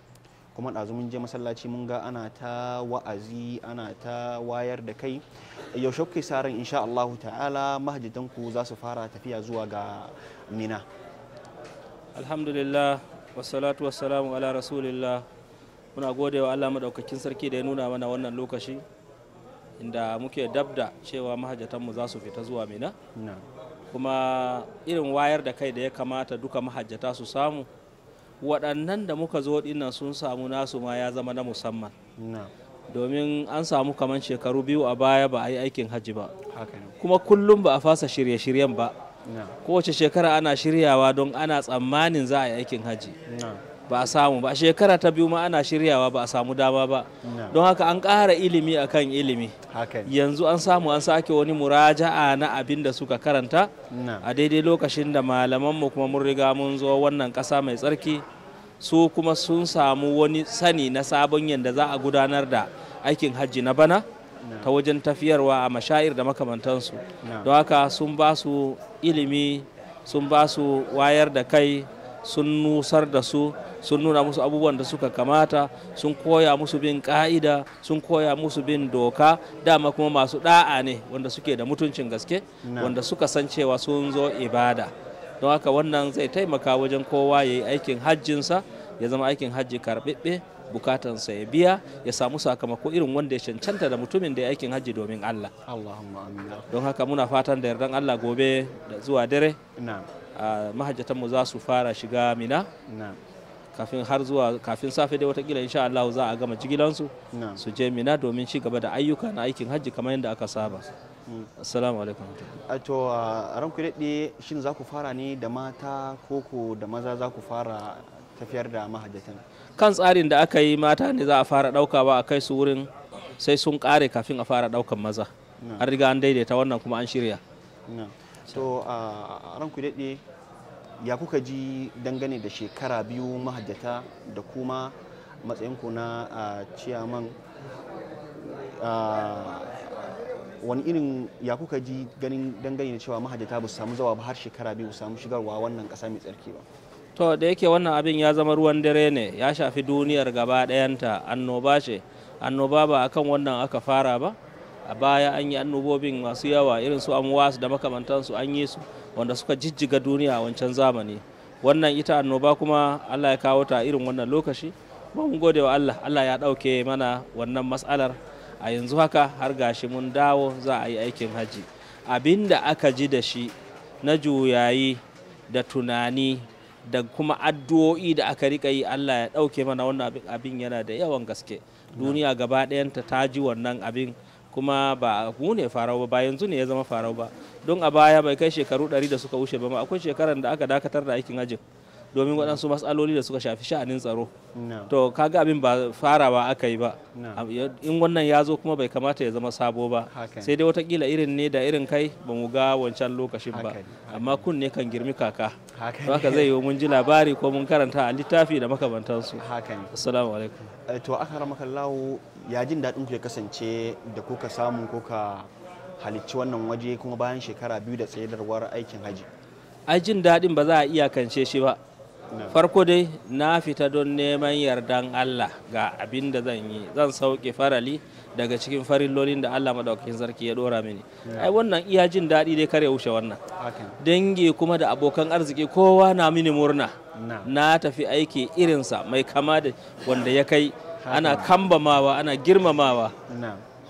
kuma ɗazu mun je masallaci mun ga ana ta wa'azi ana ta wayar da kai yaushe kuke sa ran insha Allah ta'ala mahajjatan ku za su fara tafiya zuwa ga Mina alhamdulillah wassalatu wassalamu ala rasulillah muna gode wa Allah madaukakin sarki da ya nuna mana wannan lokaci inda muke dabda cewa mahajjatanmu za su fita zuwa Mina kuma irin wayar da kai da ya kamata duka mahajjata su samu waɗannan da muka zo dinnan sun samu nasu ma ya zama na musamman domin an samu kamar shekaru biyu a baya ba a yi aikin hajji ba kuma kullum ba a fasa shirye-shiryen ba kowace shekara ana shiryawa don ana tsammanin za a yi aikin hajji ba a samu ba shekara ta biyu ma ana shiryawa ba a samu dama ba don haka an ƙara ilimi akan ilimi yanzu an samu an sake wani muraja'a na abin da suka karanta a daidai lokacin da malamanmu kuma mun riga mun zo wannan ƙasa mai tsarki su kuma sun samu wani sani na sabon yadda za a gudanar da aikin hajji na bana ta wajen tafiyarwa a mashair da makamantansu don haka sun ba su ilimi sun ba su wayar da kai sun nusar da su sun nuna musu abubuwan da suka kamata sun koya musu bin ka'ida sun koya musu bin doka dama kuma masu da'a ne wanda suke da mutuncin gaske wanda suka san cewa sun zo ibada don haka wannan zai taimaka wajen kowa ya yi aikin hajjinsa ya zama aikin hajji karɓaɓɓe bukatansa ya biya ya samu sakamako irin wanda ya cancanta da mutumin da ya aikin hajji domin Allah. Don haka muna fatan da yardan Allah gobe da zuwa dare. Mahajjatanmu za su fara shiga mina. kafin har zuwa kafin safe dai watakila insha Allah za a gama jigilansu su je mina domin ci gaba da ayyuka na aikin hajji kamar yadda aka saba assalamu alaikum a ranku daɗe shin za ku fara ne da mata ko da maza za ku fara tafiyar da mahajjatan kan tsarin da aka yi mata ne za a fara ba a kai su wurin sai sun kare kafin a fara ɗaukan maza an riga an daidaita wannan kuma an shirya to a ranku daɗe ya kuka ji dangane da shekara biyu mahajjata da kuma matsayinku na ciyaman wani irin ya kuka ji ganin dangane da cewa mahajjata ba su samu zawa ba har shekara biyu samu shigarwa wannan kasa mai tsarki ba to da yake wannan abin ya zama ruwan dare ne ya shafi duniyar gaba ɗayanta annoba ce annoba ba akan wannan aka fara ba a baya an yi annobobin masu yawa irin su amwas da makamantansu an yi su wanda suka jijjiga duniya a wancan zamani wannan ita annoba kuma allah ya kawo ta irin wannan lokaci kuma mun gode wa allah allah ya ɗauke mana wannan matsalar a yanzu haka har gashi mun dawo za a yi aikin hajji abin da aka ji da shi na juyayi da tunani da kuma addu'o'i da aka rika yi allah ya ɗauke mana wannan abin yana da yawan gaske duniya gaba ɗayanta ta ji wannan abin kuma ba mu ne farau ba ba yanzu ne ya zama farau ba don a baya bai kai shekaru ɗari da suka wuce ba ma akwai shekaran da aka dakatar da aikin ajin domin waɗansu matsaloli da suka shafi sha'anin tsaro to kaga abin ba farawa aka yi ba in wannan ya zo kuma bai kamata ya zama sabo ba sai dai watakila irin ne da irin kai ba mu ga wancan lokacin ba amma kun ne kan girmi kaka haka zai yi mun ji labari ko mun karanta a littafi da makamantansu assalamu ya jin daɗin ku ya kasance da kuka samu kuka halicci wannan waje kuma bayan shekara biyu da tsayadarwar aikin haji ai jin daɗin ba za a iyakance shi ba farko dai na fita don neman yardan allah ga abin da zan yi zan sauke farali daga cikin farin farillolin da allah maɗaukakin sarki ya ɗora mini ai wannan iya jin daɗi dai kare wuce wannan dangi kuma da abokan arziki kowa na mini murna na tafi aiki irinsa mai kama da wanda ya kai ana kambamawa ana girmamawa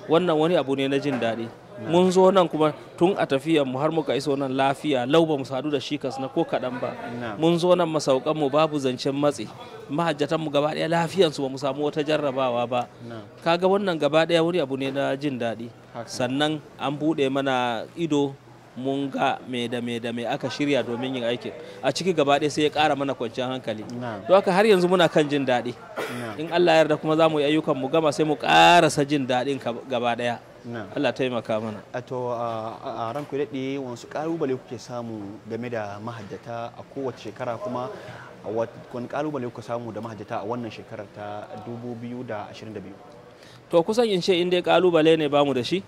wannan wani abu ne na jin daɗi mun zo nan kuma tun a tafiya mu har muka iso nan lafiya lau ba mu sadu da shi na ko kaɗan ba mun zo nan masaukan mu babu zancen matsi mahajjatan mu gaba ɗaya lafiyansu ba mu samu wata jarrabawa ba kaga wannan gaba ɗaya wani abu ne na jin daɗi sannan an buɗe mana ido mun ga me da me da me aka shirya domin yin aikin a ciki gaba ɗaya sai ya ƙara mana kwanciyar hankali don haka har yanzu muna kan jin daɗi in Allah yarda kuma za mu yi ayyukan mu gama sai mu ƙarasa jin daɗin gaba ɗaya Allah taimaka mana a to a ran ku daɗe wasu ƙalubale kuke samu game da mahaddata a kowace shekara kuma wani ƙalubale kuka samu da mahaddata a wannan shekarar ta 2022 to kusan in ce in dai ƙalubale ne bamu da shi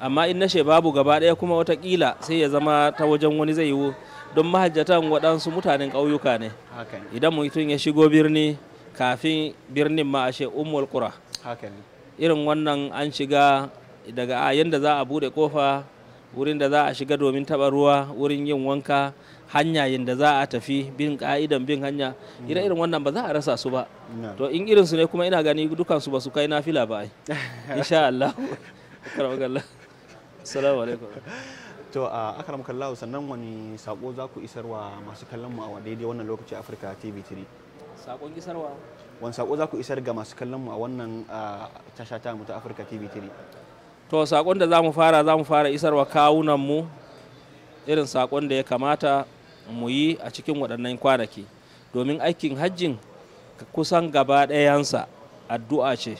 amma in nashe babu gaba ɗaya kuma watakila sai ya zama ta wajen wani zai yiwu don mahajjatan waɗansu mutanen ƙauyuka ne idan mutum ya shigo birni kafin birnin ma ashe umul kura. irin wannan an shiga daga a yadda za a bude kofa wurin da za a shiga domin taɓa ruwa wurin yin wanka hanya yadda za a tafi bin ka'idan bin hanya mm. ire irin wannan ba za a rasa su ba to in irin su ne kuma ina gani dukansu ba su kai fila ba ai insha Allah karamar salamu alaikum to a akaram ramar sannan wani sako za ku isarwa masu kallon mu a daidai wannan lokaci afirka tv 3 sakon isarwa wani sako za ku isar ga masu kallon mu a wannan tasha ta mu ta afirka tv 3 to sakon da za mu fara za mu fara isarwa kawunan mu irin sakon da ya kamata mu yi a cikin waɗannan kwanaki domin aikin hajjin kusan gaba ɗayansa addu'a ce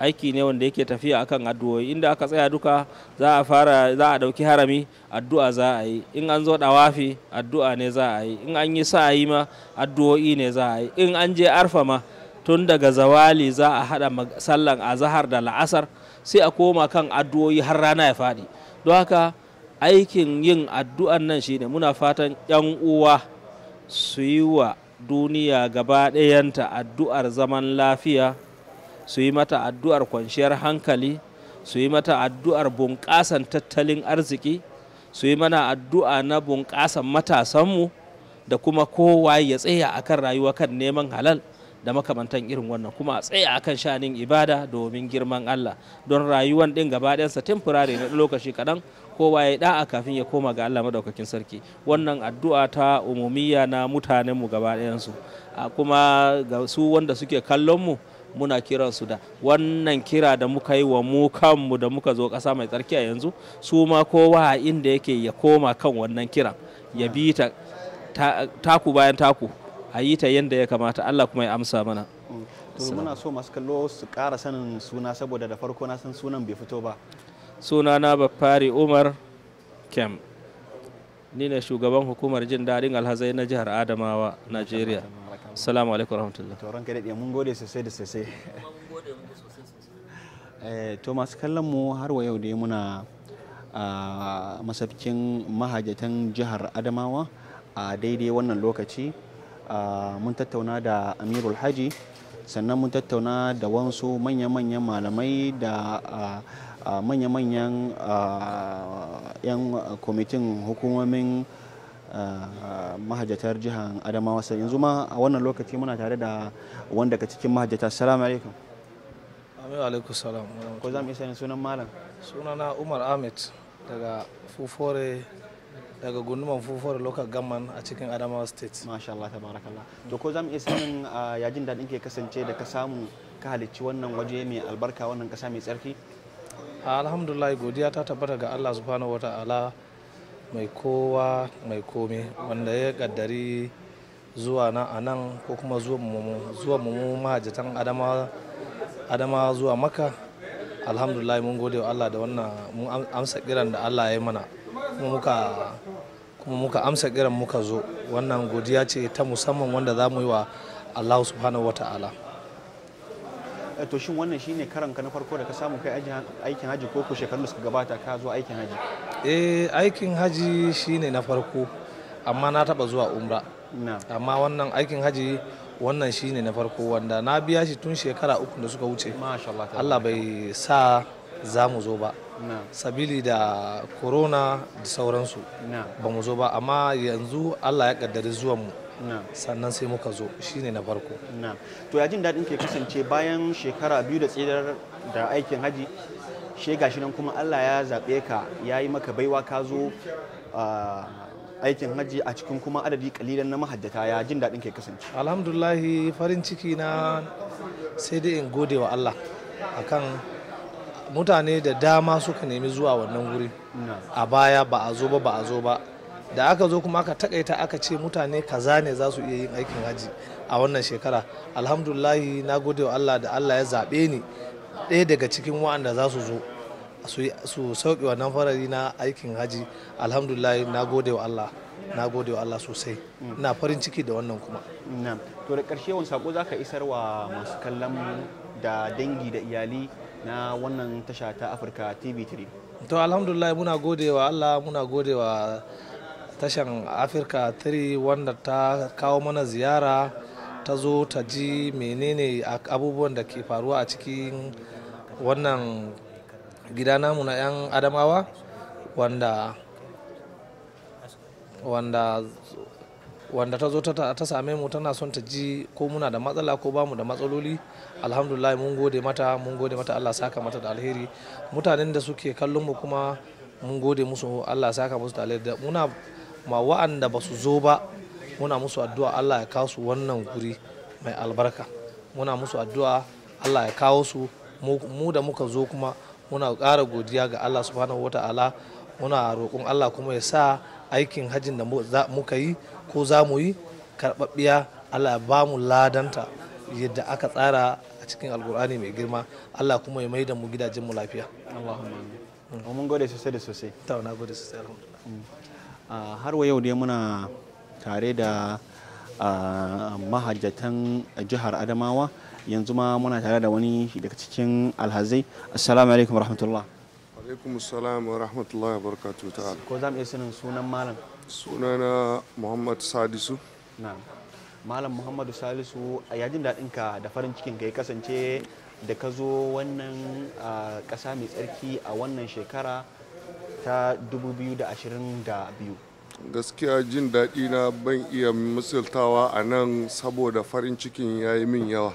aiki ne wanda yake tafiya akan addu'o'i inda aka tsaya duka za a fara za a dauki harami addu'a za a yi in an zo dawafi addu'a ne za a yi in an yi sa'ayi ma addu'o'i ne za a yi in an je arfa ma tun daga zawali za a hada sallan azahar da la'asar sai a koma kan addu'o'i har rana ya faɗi don haka aikin yin addu'an nan shine muna fatan yan uwa su yi wa duniya gaba ɗayanta addu'ar zaman lafiya su yi mata addu'ar kwanciyar hankali su yi mata addu'ar bunƙasan tattalin arziki su yi mana addu'a na bunƙasan matasanmu da kuma kowa ya tsaya akan rayuwa kan neman halal da makamantan irin wannan kuma a tsaya akan shanin ibada domin girman Allah don rayuwan din gaba sa temporary na lokaci kadan kowa ya da'a kafin ya koma ga Allah madaukakin sarki wannan addu'a ta umumiya na mutanenmu gaba ɗayansu kuma ga su wanda suke kallon mu muna kiransu da wannan kira da muka yi wa mu kanmu da muka zo kasa mai tsarki a yanzu su ma kowa a inda yake ya koma kan wannan kiran ya bi ta taku bayan taku a yi ta yadda ya kamata Allah kuma ya amsa mana mm. muna so masu kallo su ƙara sanin suna saboda da farko na san sunan bai fito ba suna na baffari umar kem ni ne shugaban hukumar jin daɗin alhazai na jihar adamawa najeriya assalamu alaikum rahmatullah to ranka daɗe mun gode sosai da sosai eh, to masu kallon mu har wa yau dai muna a masafkin mahajatan jihar adamawa a daidai wannan lokaci mun tattauna da amirul haji sannan mun tattauna da wansu manya-manyan malamai da manya-manyan 'yan kwamitin hukumomin mahajjatar jihar adamawa sai yanzu ma a wannan lokaci muna tare da wanda ka cikin mahajjata salamu alaikum aminu alaikum salam ko za mu isa yin sunan malam sunana umar ahmed daga fufore daga gunduman fufore local government a cikin adamawa state masha Allah tabarakallah to ko za mu iya sanin ah, yajin daɗin ke kasance da ka samu ka halicci wannan waje mai albarka wannan kasa mai tsarki alhamdulillah godiya ta tabbata ga Allah subhanahu wataala mai kowa mai komi wanda ya kaddari zuwa na a nan ko kuma zuwa mu mahajjatan adama zuwa maka alhamdulillah mun gode wa allah da wannan mun amsa kiran da allah ya yi mana kuma muka amsa kiran muka zo wannan godiya ce ta musamman wanda za mu yi wa allah subhanahu wa ta'ala Eh, to shin wannan shine karan ka na farko da ka samu kai aikin haji ko ko shekarun da suka gabata ka zo aikin haji eh aikin haji shine na farko amma na taba zuwa umra amma wannan aikin haji wannan shine na farko wanda na biya shi tun shekara uku da suka wuce Allah bai sa za mu zo ba sabili da corona da sauransu ba mu zo ba amma yanzu Allah ya kaddari zuwanmu. mu sannan sai muka zo shine na farko to ya jin daɗin ke kasance bayan shekara biyu da tsirar da aikin haji she gashi nan kuma Allah ya zaɓe ka ya yi maka baiwa ka zo aikin haji a cikin kuma adadi kalilan na mahajjata ya jin daɗin ke kasance alhamdulahi farin ciki na sai dai in gode wa Allah akan mutane da dama suka nemi zuwa wannan wuri a baya ba a zo ba ba a zo ba da aka zo kuma aka takaita aka ce mutane kaza ne za su iya yin aikin haji a wannan shekara alhamdulahi na gode wa allah da allah ya zaɓe ni ɗaya daga cikin wa'anda za su zo su sauƙi wannan farari na aikin haji alhamdulahi na gode wa allah na gode wa allah sosai ina farin ciki da wannan kuma to da ƙarshe wani sako za ka isar wa masu kallon da dangi da iyali na wannan tasha ta afirka tv3 to alhamdulillah muna gode wa allah muna gode wa tashan afirka 3 wanda ta kawo mana ziyara ta zo ta ji menene abubuwan da ke faruwa a cikin wannan gida namu na 'yan adamawa wanda wanda wanda ta zo ta same mu tana son ta ji ko muna da matsala ko bamu da matsaloli alhamdulillah mun gode mata mun gode mata Allah saka mata da alheri mutanen da suke kallon mu kuma mun gode musu Allah saka musu da alheri muna ma wa'anda ba su zo ba muna musu addu'a Allah ya kawo su wannan guri mai albarka muna musu addu'a Allah ya kawo su mu da muka zo kuma muna ƙara godiya ga Allah subhanahu wata'ala muna roƙon Allah kuma ya sa aikin hajjin da muka yi ko za mu yi karɓaɓɓiya Allah ya ba mu ladanta yadda aka tsara a cikin alkur'ani mai girma Allah kuma ya mai da mu gidajen mu lafiya. Allahumma. Mm. Mun gode sosai da sosai. Ta na gode sosai alhamdulillah. Mm. har wa yau dai muna tare da mahajjatan jihar adamawa yanzu ma muna tare da wani daga cikin alhazai assalamu alaikum rahmatullah alaikum assalam wa rahmatullahi wa barakatuhu ta'ala ko za mu iya sanin sunan malam sunana muhammad sadisu na malam muhammadu salisu a yajin daɗin ka da farin cikin ka ya kasance da ka zo wannan ƙasa mai tsarki a wannan shekara ta 2022 gaskiya jin daɗi na ban iya musultawa a nan saboda farin cikin ya yi min yawa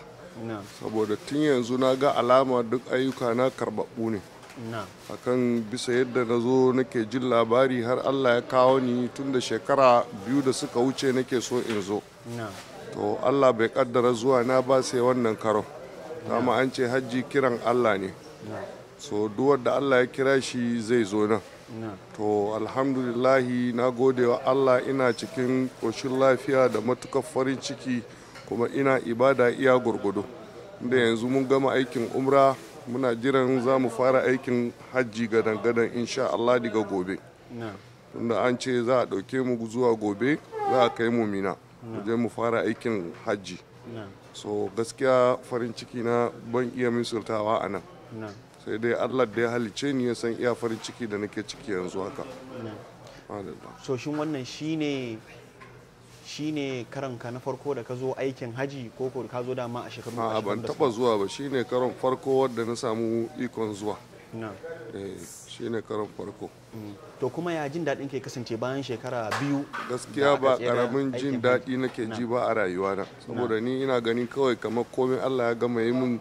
saboda tun yanzu na ga alama duk ayyuka na karbabu ne akan bisa yadda na zo nake jin labari har allah ya kawo ni tun da shekara biyu da suka wuce nake so in zo to allah bai kaddara zuwa na ba sai wannan karo dama an ce hajji kiran allah ne so duwar da allah ya kira shi zai zo nan to alhamdulillahi na gode wa allah ina cikin ƙoshin lafiya da matukar farin ciki kuma ina ibada iya gwargwado inda yanzu mun gama aikin umra muna jiran za mu fara aikin hajji gadan-gadan insha allah daga gobe tunda an ce za a ɗauke mu zuwa gobe za a kai mu mina wajen mu fara aikin hajji so gaskiya farin ciki na ban iya misultawa a nan sai dai allah da ya halice ni ya san iya farin ciki da nake ciki yanzu haka so shin wannan shine shine karanka na farko da ka zo aikin haji ko ko ka zo dama a shekaru a ban taba zuwa ba shine karon farko wadda na samu ikon zuwa eh, shine karon farko mm. to kuma ya jin daɗin ke kasance bayan shekara biyu gaskiya ba karamin jin daɗi nake ji ba a rayuwa na saboda ni ina ganin kawai kamar komai allah ya gama yi min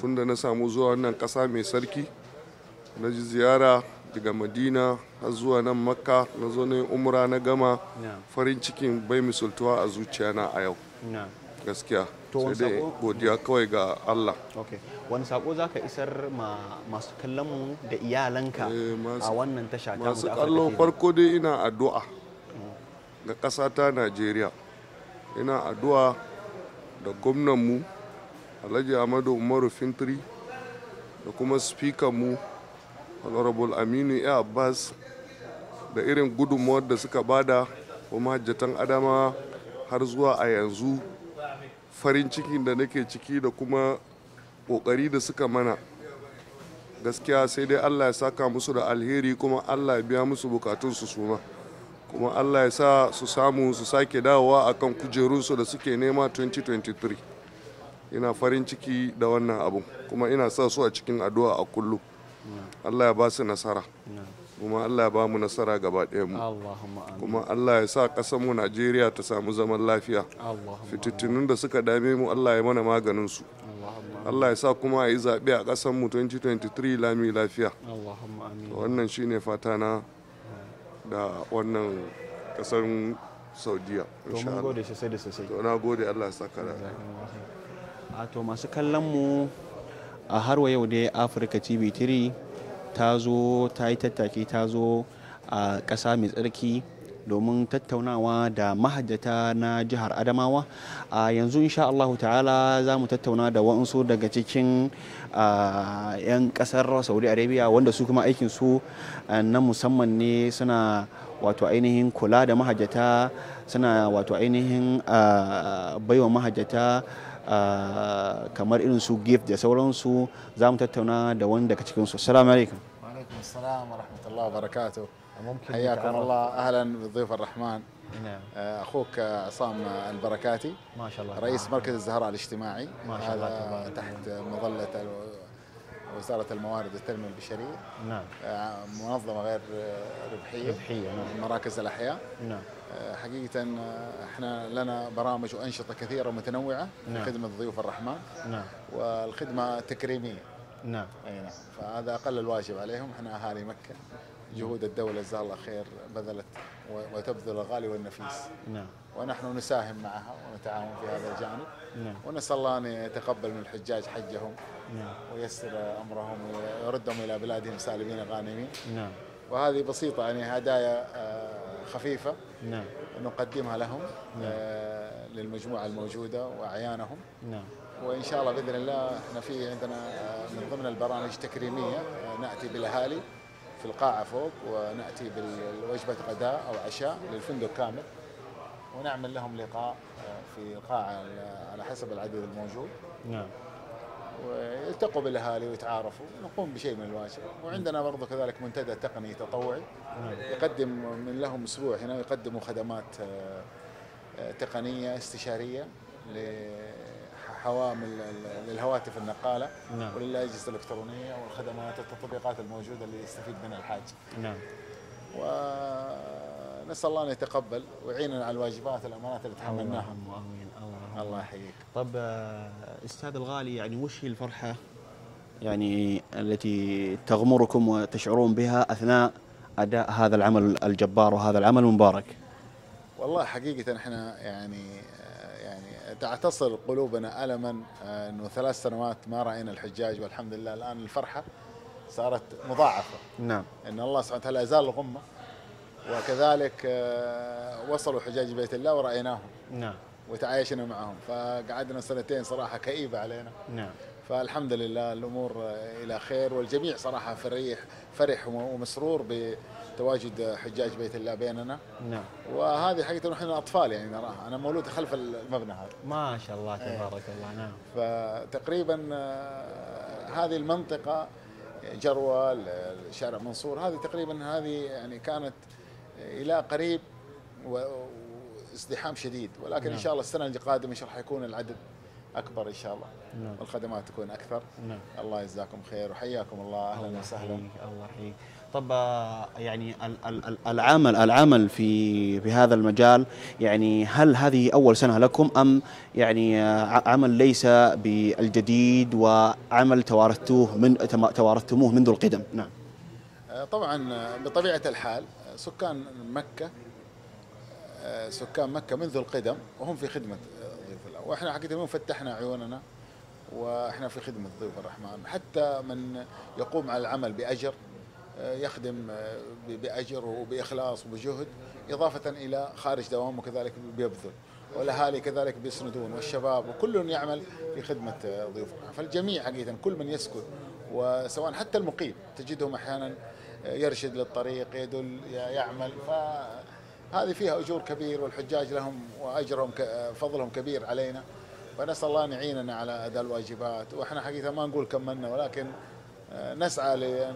tunda na samu zuwa wannan kasa mai sarki na ji ziyara daga madina har zuwa nan makka na zo na umra na gama farin cikin bai misaltuwa a zuciyana a yau gaskiya sai dai godiya kawai ga Allah. Wani sako za ka isar ma masu kallonmu da iyalanka eh, a wannan tasha ta Masu kallon farko dai ina addu'a mm. ga ƙasa ta Najeriya. Ina addu'a da gwamnanmu alhaji ahmadu umaru fintri da kuma mu honorable aminu ya abbas da irin gudunmawar da suka bada wa mahajjatan adama har zuwa a yanzu farin cikin da nake ciki da kuma ƙoƙari da suka mana gaskiya sai dai allah ya saka musu da alheri kuma allah ya biya musu bukatun bukatunsu suma kuma allah ya sa su samu su sake dawowa akan kujerunsu da suke nema 2023 ina farin ciki da wannan abu kuma ina sa su a cikin addu'a a kullum Allah ya ba su nasara kuma Allah ya ba mu nasara gaba mu kuma Allah ya sa ƙasarmu Najeriya ta samu zaman lafiya fitattunun da suka dame mu Allah ya mana maganin su Allah ya sa kuma a yi zaɓe a ƙasarmu 2023 lami lafiya wannan shi ne fata na da wannan ƙasar saudiya to mun gode sosai da sosai to na gode Allah ya saka da a to masu kallon mu a har yau dai afirka tv 3 ta zo ta yi tattaki ta zo a ƙasa mai tsarki domin tattaunawa da mahajjata na jihar adamawa a yanzu insha Allah ta'ala za mu tattauna da wa'ansu daga cikin 'yan ƙasar saudi arabia wanda su kuma aikin su na musamman ne suna wato ainihin kula da mahajjata suna wato ainihin baiwa mahajjata آه، kamar irin su gift da sauransu za mu tattauna da wani daga su assalamu alaikum وعليكم السلام ورحمة الله وبركاته حياكم الله أهلا بالضيف الرحمن نعم. أخوك عصام البركاتي ما شاء الله رئيس مركز الزهراء الاجتماعي ما شاء الله تحت مظلة وزارة الموارد والتنمية البشرية نعم منظمة غير ربحية ربحية نعم. مراكز الأحياء نعم حقيقة احنا لنا برامج وأنشطة كثيرة متنوعة نعم. لخدمة ضيوف الرحمن نعم. والخدمة تكريمية نعم اي نعم فهذا أقل الواجب عليهم احنا أهالي مكة جهود الدولة جزاها الله خير بذلت وتبذل الغالي والنفيس نعم ونحن نساهم معها ونتعاون في هذا الجانب نعم ونسأل الله أن يتقبل من الحجاج حجهم نعم ويسر أمرهم ويردهم إلى بلادهم سالمين غانمين نعم وهذه بسيطة يعني هدايا آه، خفيفة نعم نقدمها لهم نعم. آه، للمجموعه الموجوده واعيانهم نعم وان شاء الله باذن الله احنا في عندنا آه، من ضمن البرامج التكريميه آه، ناتي بالاهالي في القاعه فوق وناتي بالوجبه غداء او عشاء للفندق كامل ونعمل لهم لقاء في القاعه على حسب العدد الموجود نعم ويلتقوا بالاهالي ويتعارفوا ونقوم بشيء من الواجب وعندنا برضه كذلك منتدى تقني تطوعي يقدم من لهم اسبوع هنا يقدموا خدمات آه، آه، تقنيه استشاريه لحوامل للهواتف النقاله نعم. وللاجهزه الالكترونيه والخدمات والتطبيقات الموجوده اللي يستفيد منها الحاج. نعم. ونسال الله ان يتقبل ويعيننا على الواجبات والامانات اللي تحملناها. الله يحييك طب آه، استاذ الغالي يعني وش هي الفرحه يعني التي تغمركم وتشعرون بها اثناء اداء هذا العمل الجبار وهذا العمل المبارك والله حقيقه احنا يعني آه، يعني تعتصر قلوبنا الما آه، انه ثلاث سنوات ما راينا الحجاج والحمد لله الان الفرحه صارت مضاعفه نعم ان الله سبحانه وتعالى ازال الغمه وكذلك وصلوا حجاج بيت الله ورايناهم نعم وتعايشنا معهم فقعدنا سنتين صراحه كئيبه علينا نعم فالحمد لله الامور الى خير والجميع صراحه فريح فرح ومسرور بتواجد حجاج بيت الله بيننا نعم وهذه حقيقه نحن اطفال يعني نراها انا مولود خلف المبنى هذا ما شاء الله إيه. تبارك الله نعم فتقريبا آه، هذه المنطقه جروه شارع منصور هذه تقريبا هذه يعني كانت الى قريب ازدحام شديد ولكن نعم. ان شاء الله السنه القادمه ان شاء الله حيكون العدد اكبر ان شاء الله نعم. والخدمات تكون اكثر نعم. الله يجزاكم خير وحياكم الله اهلا وسهلا الله يحييك طب آه، يعني العمل العمل في في هذا المجال يعني هل هذه اول سنه لكم ام يعني آه، عمل ليس بالجديد وعمل توارثتوه من توارثتموه منذ القدم نعم آه، طبعا بطبيعه الحال سكان مكه آه، سكان مكة منذ القدم وهم في خدمة آه، ضيوف الله وإحنا حقيقة اليوم فتحنا عيوننا وإحنا في خدمة ضيوف الرحمن حتى من يقوم على العمل بأجر آه، يخدم بأجر وبإخلاص وبجهد إضافة إلى خارج دوامه كذلك بيبذل والأهالي كذلك بيسندون والشباب وكل يعمل في خدمة ضيوف الرحمن فالجميع حقيقة كل من يسكت وسواء حتى المقيم تجدهم أحيانا يرشد للطريق يدل يعمل ف هذه فيها أجور كبير والحجاج لهم وأجرهم فضلهم كبير علينا فنسأل الله أن يعيننا على أداء الواجبات وإحنا حقيقة ما نقول كملنا ولكن آه، نسعى لأن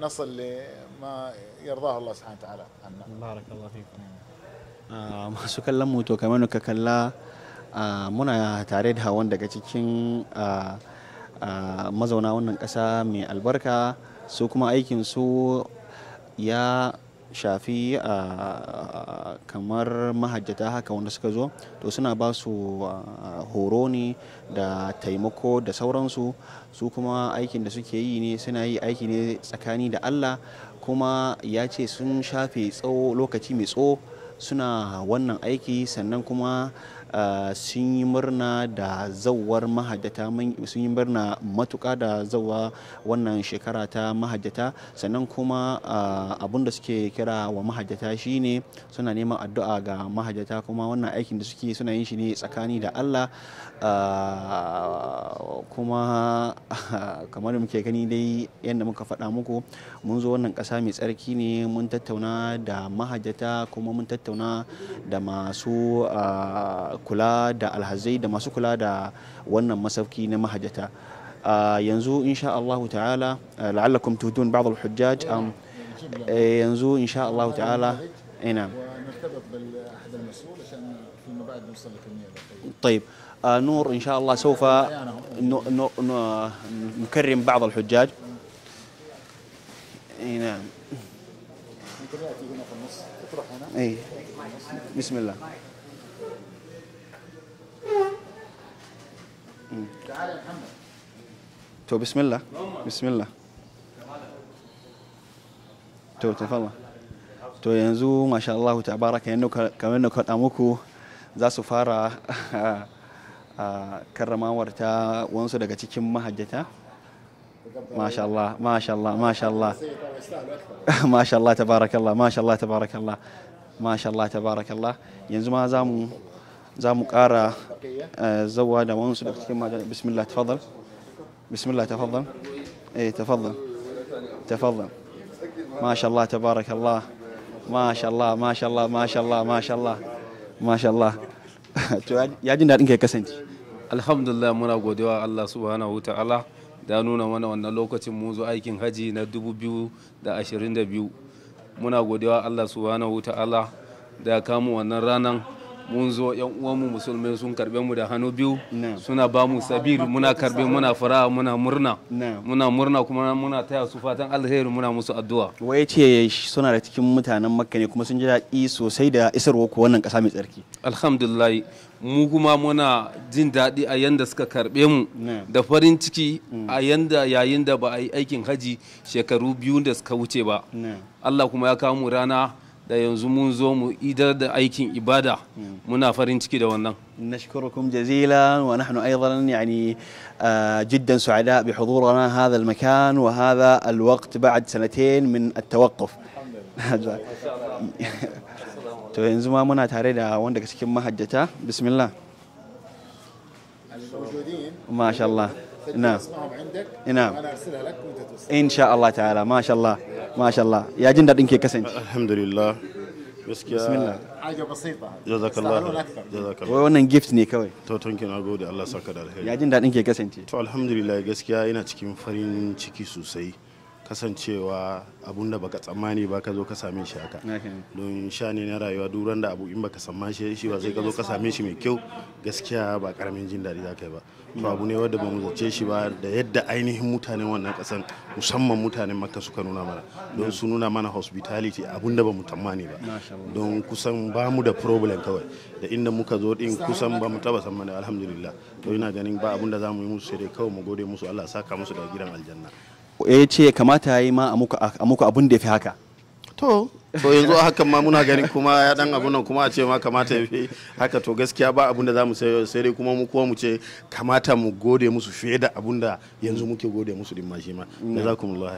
نصل لما يرضاه الله سبحانه وتعالى عنا بارك الله فيكم masu kallon mu to kamar ka kalla muna tare da hawan daga cikin mazauna wannan ƙasa mai albarka su kuma aikin su ya shafi ah, kamar mahajjata haka wanda suka zo to suna ba su ah, horo ne da taimako da sauransu su kuma aikin da suke yi ne suna yi aiki ne tsakani da allah kuma ya ce sun shafe tsawo lokaci mai tsawo suna wannan aiki sannan kuma Eh, sun yi murna da zawar mahajjata sun yi murna matuka da zawa wannan shekara ta mahajjata sannan kuma eh, abun da suke kira wa mahajjata shine suna neman addu'a ga mahajjata kuma wannan aikin da suke suna yin shi ne tsakani da Allah eh, kuma kamar muke gani dai yadda muka faɗa muku mun zo wannan ƙasa mai tsarki ne mun tattauna da mahajjata kuma mun tattauna da masu kula da alhazai da masu kula da wannan masauki na mahajata yanzu insha Allah ta'ala la'allakum tudun ba'd al-hujjaj yanzu insha Allah ta'ala ina طيب آه نور ان شاء الله سوف نكرم بعض الحجاج اي نعم بسم الله Mm. to bismillah bismillah to tafama to yanzu masha Allah tabaraka yanzu kamar za su fara karramawar ta wansu daga cikin mahajjata masha Allah masha Allah masha Allah Allah tabarakallah masha Allah tabarakallah masha Allah tabarakallah yanzu ma za mu za mu ƙara eh, zawa da wansu daga cikin majalisar bismillah tafadhal bismillah tafadhal eh tafadhal tafadhal masha Allah tabarakallah masha Allah masha Allah masha Allah masha Allah masha Allah to ya jin daɗin kai kasance alhamdulillah muna godewa Allah subhanahu ta'ala da nuna mana wannan lokacin mu zo aikin haji na 2022 muna godewa Allah subhanahu ta'ala da kamu wannan ranan mun zo yan uwanmu musulmi sun karbe mu da hannu biyu suna ba mu sabir muna karbe muna fara muna murna muna murna kuma muna taya su fatan alheri muna musu addu'a wai ce suna da cikin mutanen makka ne kuma sun ji daɗi sosai da isarwa ko wannan ƙasa mai tsarki alhamdulillah mu kuma muna jin daɗi a yanda suka karbe mu da farin ciki mm. a yanda yayin da ba a yi aikin haji shekaru biyu da suka wuce ba Allah kuma ya kawo mu rana da yanzu mun zo mu idar da aikin ibada muna farin ciki da wannan nashkurukum jazilan wa nahnu aidan yani jiddan su'ada bi hudurana hadha al makan wa hadha al waqt ba'd sanatayn min من التوقف to yanzu ma muna tare da wanda cikin mahajjata bismillah ma sha Allah نعم عندك نعم انا ارسلها لك وانت توصل ان شاء الله تعالى ما شاء الله ما شاء الله يا جن دادين gaskiya bismillah haja basita jazakallahu jazakallahu wannan gift ne kawai to tunkin nagode Allah ya jin dadin ke kasance to gaskiya ina cikin farin ciki sosai kasancewa abun da baka tsammani ba zo ka same shi haka don sha ne na rayuwa duran da abu in baka tsammani shi ba sai ka zo ka same shi mai kyau gaskiya ba karamin jin daɗi za ka yi ba to abu ne wanda ba mu zace shi ba da yadda ainihin mutanen wannan kasan musamman mutanen makka suka nuna mana don su nuna mana hospitality abinda ba mu tamani ba don kusan ba mu da problem kawai da inda muka zo din kusan ba mu taba san mana alhamdulillah to ina ganin ba abinda za mu yi musu sai dai kawai mu gode musu Allah saka musu da gidan aljanna eh, ya ce kamata ya yi ma a muku abin da ya fi haka to to yanzu hakan ma muna ganin kuma ya dan abun nan kuma a ce ma kamata yafi haka to gaskiya ba abun da za mu sai dai kuma mu kuma mu ce kamata mu gode musu fiye da abun da yanzu muke gode musu din ma shi ma jazakumullah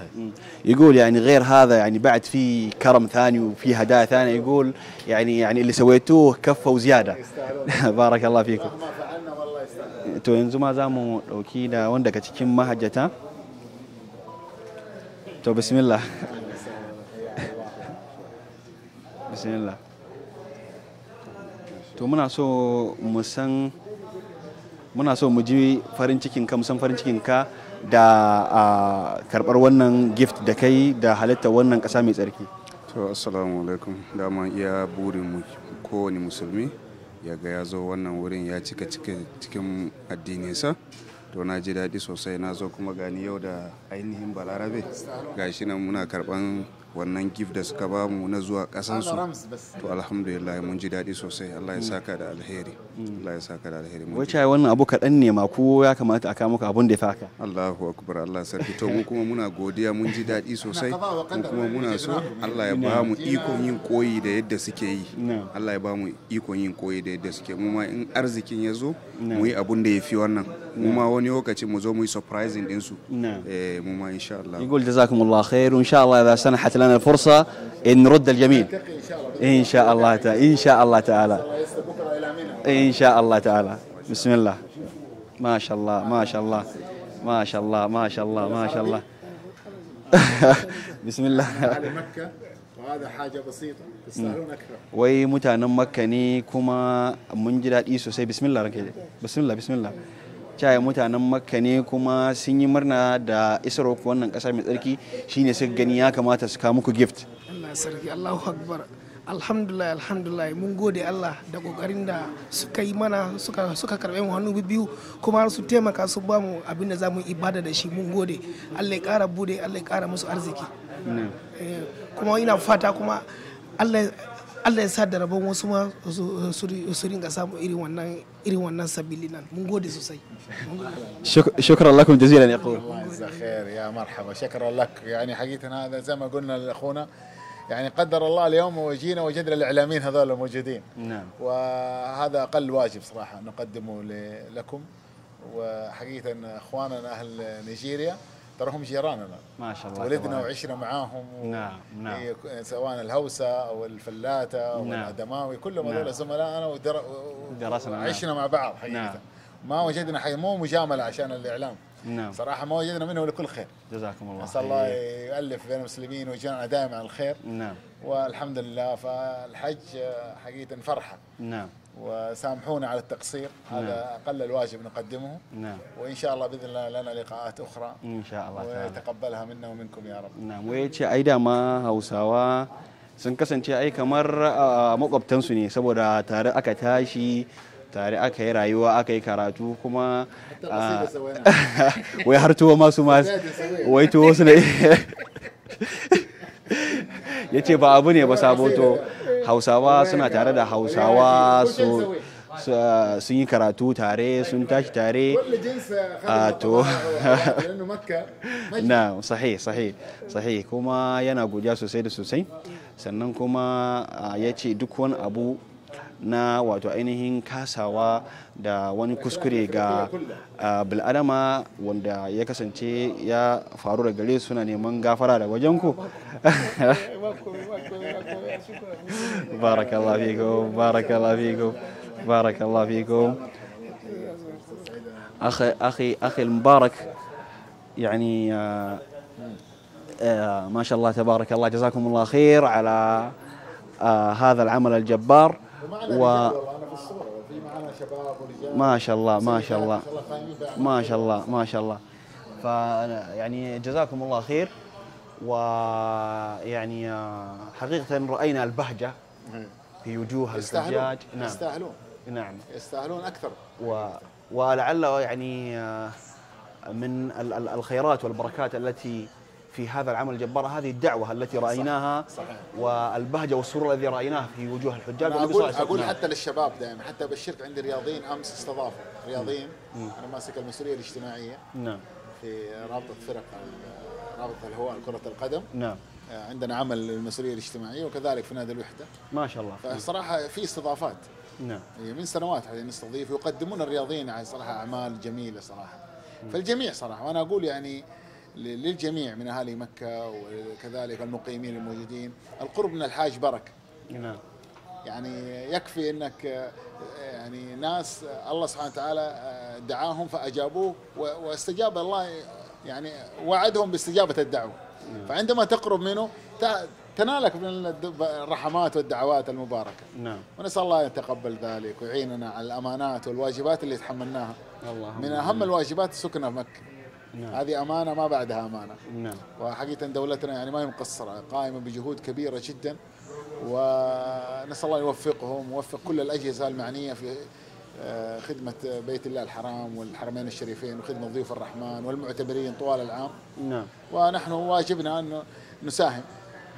يقول يعني غير هذا يعني بعد في كرم ثاني وفي هدايا ثانيه يقول yani yani illi sawaytu kaffa wa ziyada barakallahu فيكم to yanzu ma za mu dauki da wanda ka cikin mahajjata to bismillah bismillah to muna so mu san muna so mu ji farin cikin ka san farin cikin ka da karbar wannan gift da kai da halitta wannan kasa mai tsarki to assalamu alaikum dama iya burin mu kowane musulmi ya ga ya zo wannan wurin ya cika cikin addininsa to na ji daɗi sosai na zo kuma gani yau da ainihin balarabe gashi nan muna karban wannan gift da suka bamu na zuwa kasansu to alhamdulillah mun ji daɗi sosai Allah ya saka da alheri mm. Allah ya saka da alheri wacce wannan abu kaɗan ne ma ko ya kamata a kawo abun da ya faka Allahu akbar Allah ya sarki to mu kuma muna godiya mun ji daɗi sosai mu kuma muna so Allah ya ba mu ikon yin koyi da yadda suke yi Allah ya ba mu ikon yin koyi da yadda suke mu ma in arzikin ya zo mu yi abun da ya fi wannan mu ma wani lokaci mu zo mu yi surprising ɗinsu eh, mu ma insha Allah. Igul jazakumullah khairu insha Allah ya sana hatlan لنا الفرصه ان نرد الجميل ان شاء الله تعالى ان شاء الله تعالى ان شاء الله تعالى بسم الله ما شاء الله ما شاء الله ما شاء الله ما شاء الله ما شاء الله بسم الله هذه مكه وهذا حاجه بسيطه تستاهلون اكثر وي متى مكه ني كما منجلات إيسو سي بسم الله بسم الله بسم الله cewa mutanen makka ne kuma sun yi murna da isar ku wannan kasa mai tsarki shine suka gani ya kamata su kawo muku gift Allah sarki Allahu akbar alhamdulillah alhamdulillah mun gode Allah da kokarin da suka yi mana suka suka karbe mu hannu biyu kuma su taimaka su ba mu abin da zamu ibada da shi mun gode Allah ya kara bude Allah ya kara musu arziki eh, kuma ina fata kuma Allah Allah ya sa da rabon wasu ma su ringa samu irin wannan irin wannan sabili nan mun gode sosai shukran lakum jazilan ya qul الله يجزاك خير يا مرحبا شكرا لك يعني حقيقة هذا زي qulna قلنا akhuna يعني قدر الله اليوم وجينا وجدنا الاعلاميين هذول موجودين نعم وهذا اقل واجب صراحه نقدمه لكم وحقيقه اخواننا اهل نيجيريا ترى هم جيراننا ما شاء الله ولدنا وعشنا معاهم و... نعم نعم سواء الهوسه او الفلاته او نعم. الادماوي كلهم هذول نعم. زملائنا ودر... ودرسنا نعم. وعشنا نعم. مع بعض نعم. حقيقه نعم. ما وجدنا حي مو مجامله عشان الاعلام نعم صراحه ما وجدنا منه الا كل خير جزاكم الله نسال الله يؤلف بين المسلمين ويجعلنا دائما على الخير نعم والحمد لله فالحج حقيقه فرحه نعم وسامحونا على التقصير نعم. هذا اقل الواجب نقدمه نعم. وان شاء الله باذن الله لنا لقاءات اخرى ان شاء الله ويتقبلها منا ومنكم يا رب نعم ويجي اي دما هوساوا sun kasance ai kamar makwabtansu ne saboda tare aka tashi tare aka yi rayuwa aka yi karatu kuma wai har tuwo masu masu wai tuwo su ne ya ce ba abu ne ba saboto hausawa suna tare da hausawa su sun yi karatu tare sun tashi tare a ah, to na sahi sahi sahi kuma yana godiya sosai da sosai sannan kuma ah, ya ce duk wani abu na wato ainihin kasawa da wani kuskure ga bil'adama wanda ya kasance ya faru da gare suna neman gafara da wajenku barakallah fiko barakallah fiko barakallah fiko akhi akhi akhi mubarak yani ما شاء الله تبارك الله جزاكم الله خير على هذا العمل الجبار و ما شاء الله ما شاء الله ما شاء الله ما شاء الله ف يعني جزاكم الله خير ويعني آه، حقيقة رأينا البهجة في وجوه الحجاج نعم يستاهلون نعم يستاهلون أكثر و ولعل يعني آه، من الخيرات والبركات التي في هذا العمل الجبار هذه الدعوة التي رأيناها صحيح. والبهجة والسرور الذي رأيناه في وجوه الحجاج أنا أقول, أقول نعم. حتى للشباب دائما حتى بالشركة عندي رياضيين أمس استضافوا رياضيين أنا ماسك المسؤولية الاجتماعية نعم في رابطة فرق رابطة الهواء كرة القدم نعم آه، عندنا عمل المسؤولية الاجتماعية وكذلك في نادي الوحدة ما شاء الله فصراحة في استضافات نعم إيه، من سنوات حتى نستضيف ويقدمون الرياضيين صراحة أعمال جميلة صراحة فالجميع صراحة وأنا أقول يعني للجميع من اهالي مكه وكذلك المقيمين الموجودين القرب من الحاج بركه نعم يعني يكفي انك يعني ناس الله سبحانه وتعالى آه، دعاهم فاجابوه واستجاب الله يعني وعدهم باستجابه الدعوه نعم. فعندما تقرب منه تنالك من الرحمات والدعوات المباركه نعم ونسال الله ان يتقبل ذلك ويعيننا على الامانات والواجبات اللي تحملناها الله من اهم الواجبات السكنه في مكه نعم. هذه أمانة ما بعدها أمانة نعم. وحقيقة دولتنا يعني ما هي مقصرة قائمة بجهود كبيرة جدا ونسأل الله يوفقهم ويوفق كل الأجهزة المعنية في آه، خدمة بيت الله الحرام والحرمين الشريفين وخدمة ضيوف الرحمن والمعتبرين طوال العام نعم. ونحن واجبنا أن نساهم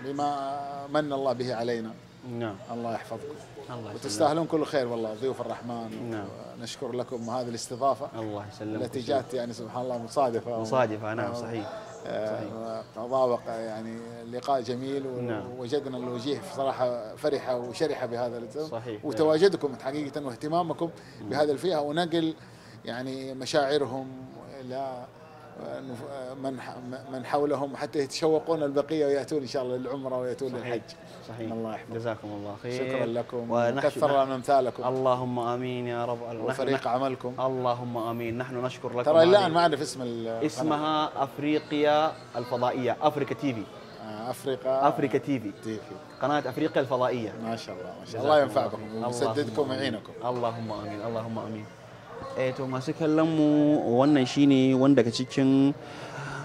بما من الله به علينا نعم الله يحفظكم الله وتستاهلون كل خير والله ضيوف الرحمن نعم نشكر لكم هذه الاستضافه الله يسلمك التي جات يعني سبحان الله مصادفه مصادفه نعم آه، صحيح آه، تذوق يعني لقاء جميل ووجدنا نعم. الوجيه صراحه فرحه وشرحه بهذا صحيح نعم. وتواجدكم حقيقه واهتمامكم نعم. بهذه الفئه ونقل يعني مشاعرهم الى من من حولهم حتى يتشوقون البقيه وياتون ان شاء الله للعمره وياتون صحيح للحج. صحيح الله يحفظكم. جزاكم الله خير. شكرا لكم وكثر من امثالكم. اللهم امين يا رب وفريق عملكم. اللهم امين نحن نشكر لكم. ترى الان ما اعرف اسم اسمها افريقيا الفضائيه افريكا تي في. آه، افريقا افريكا تي في تي في قناه افريقيا الفضائيه ما شاء الله ما شاء الله الله ينفع بكم ويسددكم ويعينكم اللهم امين اللهم امين Eh, to masu kallon mu wannan shine wanda daga cikin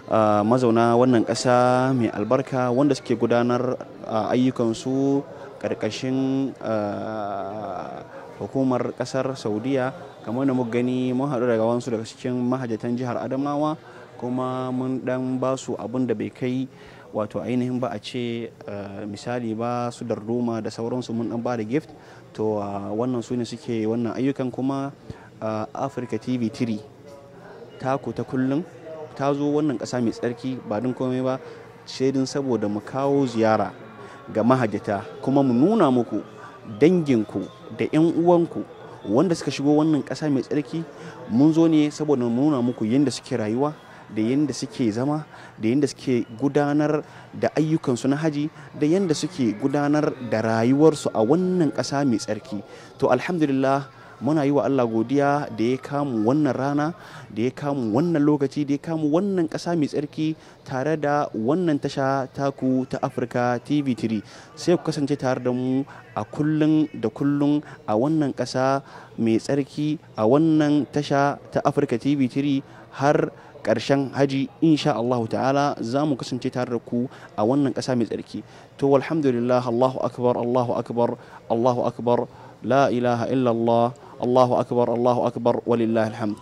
ah, mazauna wannan ƙasa mai albarka wanda suke gudanar ah, ayyukansu ƙarƙashin ah, hukumar ƙasar saudiya kamar da muka gani mun haɗu daga wansu daga cikin mahajatan jihar adamawa kuma mun ɗan ba su abin da bai kai wato ainihin ba a ce misali ba su darduma da sauransu mun ɗan ba da gift to wannan su ne suke wannan ayyukan kuma a Africa TV 3 taku ta kullum ta zo wannan kasa mai tsarki ba don komai ba shaidin saboda mu kawo ziyara ga mahajjata kuma mu nuna muku danginku da 'yan uwanku wanda suka shigo wannan kasa mai tsarki mun zo ne saboda mu nuna muku yadda suke rayuwa da yadda suke zama da yadda suke gudanar da ayyukansu na haji da yadda suke gudanar da rayuwarsu a wannan ƙasa mai tsarki to alhamdulillah muna yi wa Allah godiya da ya kamu wannan rana da ya kamu wannan lokaci da ya kamu wannan ƙasa mai tsarki tare da wannan tasha taku ta Afirka TV3 sai ku kasance tare da mu a kullun da kullun a wannan ƙasa mai tsarki a wannan tasha ta Afirka TV3 har ƙarshen haji insha Allahu ta'ala za mu kasance tare da ku a wannan ƙasa mai tsarki to alhamdulillah Allahu akbar Allahu akbar Allahu akbar لا إله إلا الله الله أكبر الله أكبر ولله الحمد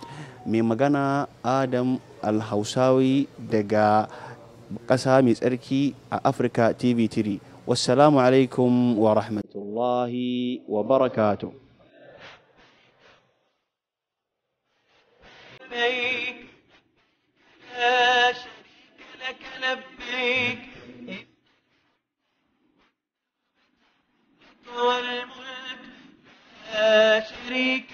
من مجانا آدم الهوساوي دقا قسامي سأركي أفريكا تي في تري والسلام عليكم ورحمة الله وبركاته لبيك لا شريك لك لبيك والملك شريك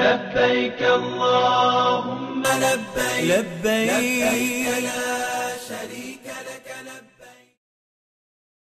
لبيك اللهم لبيك, لبيك لا شريك لك لبيك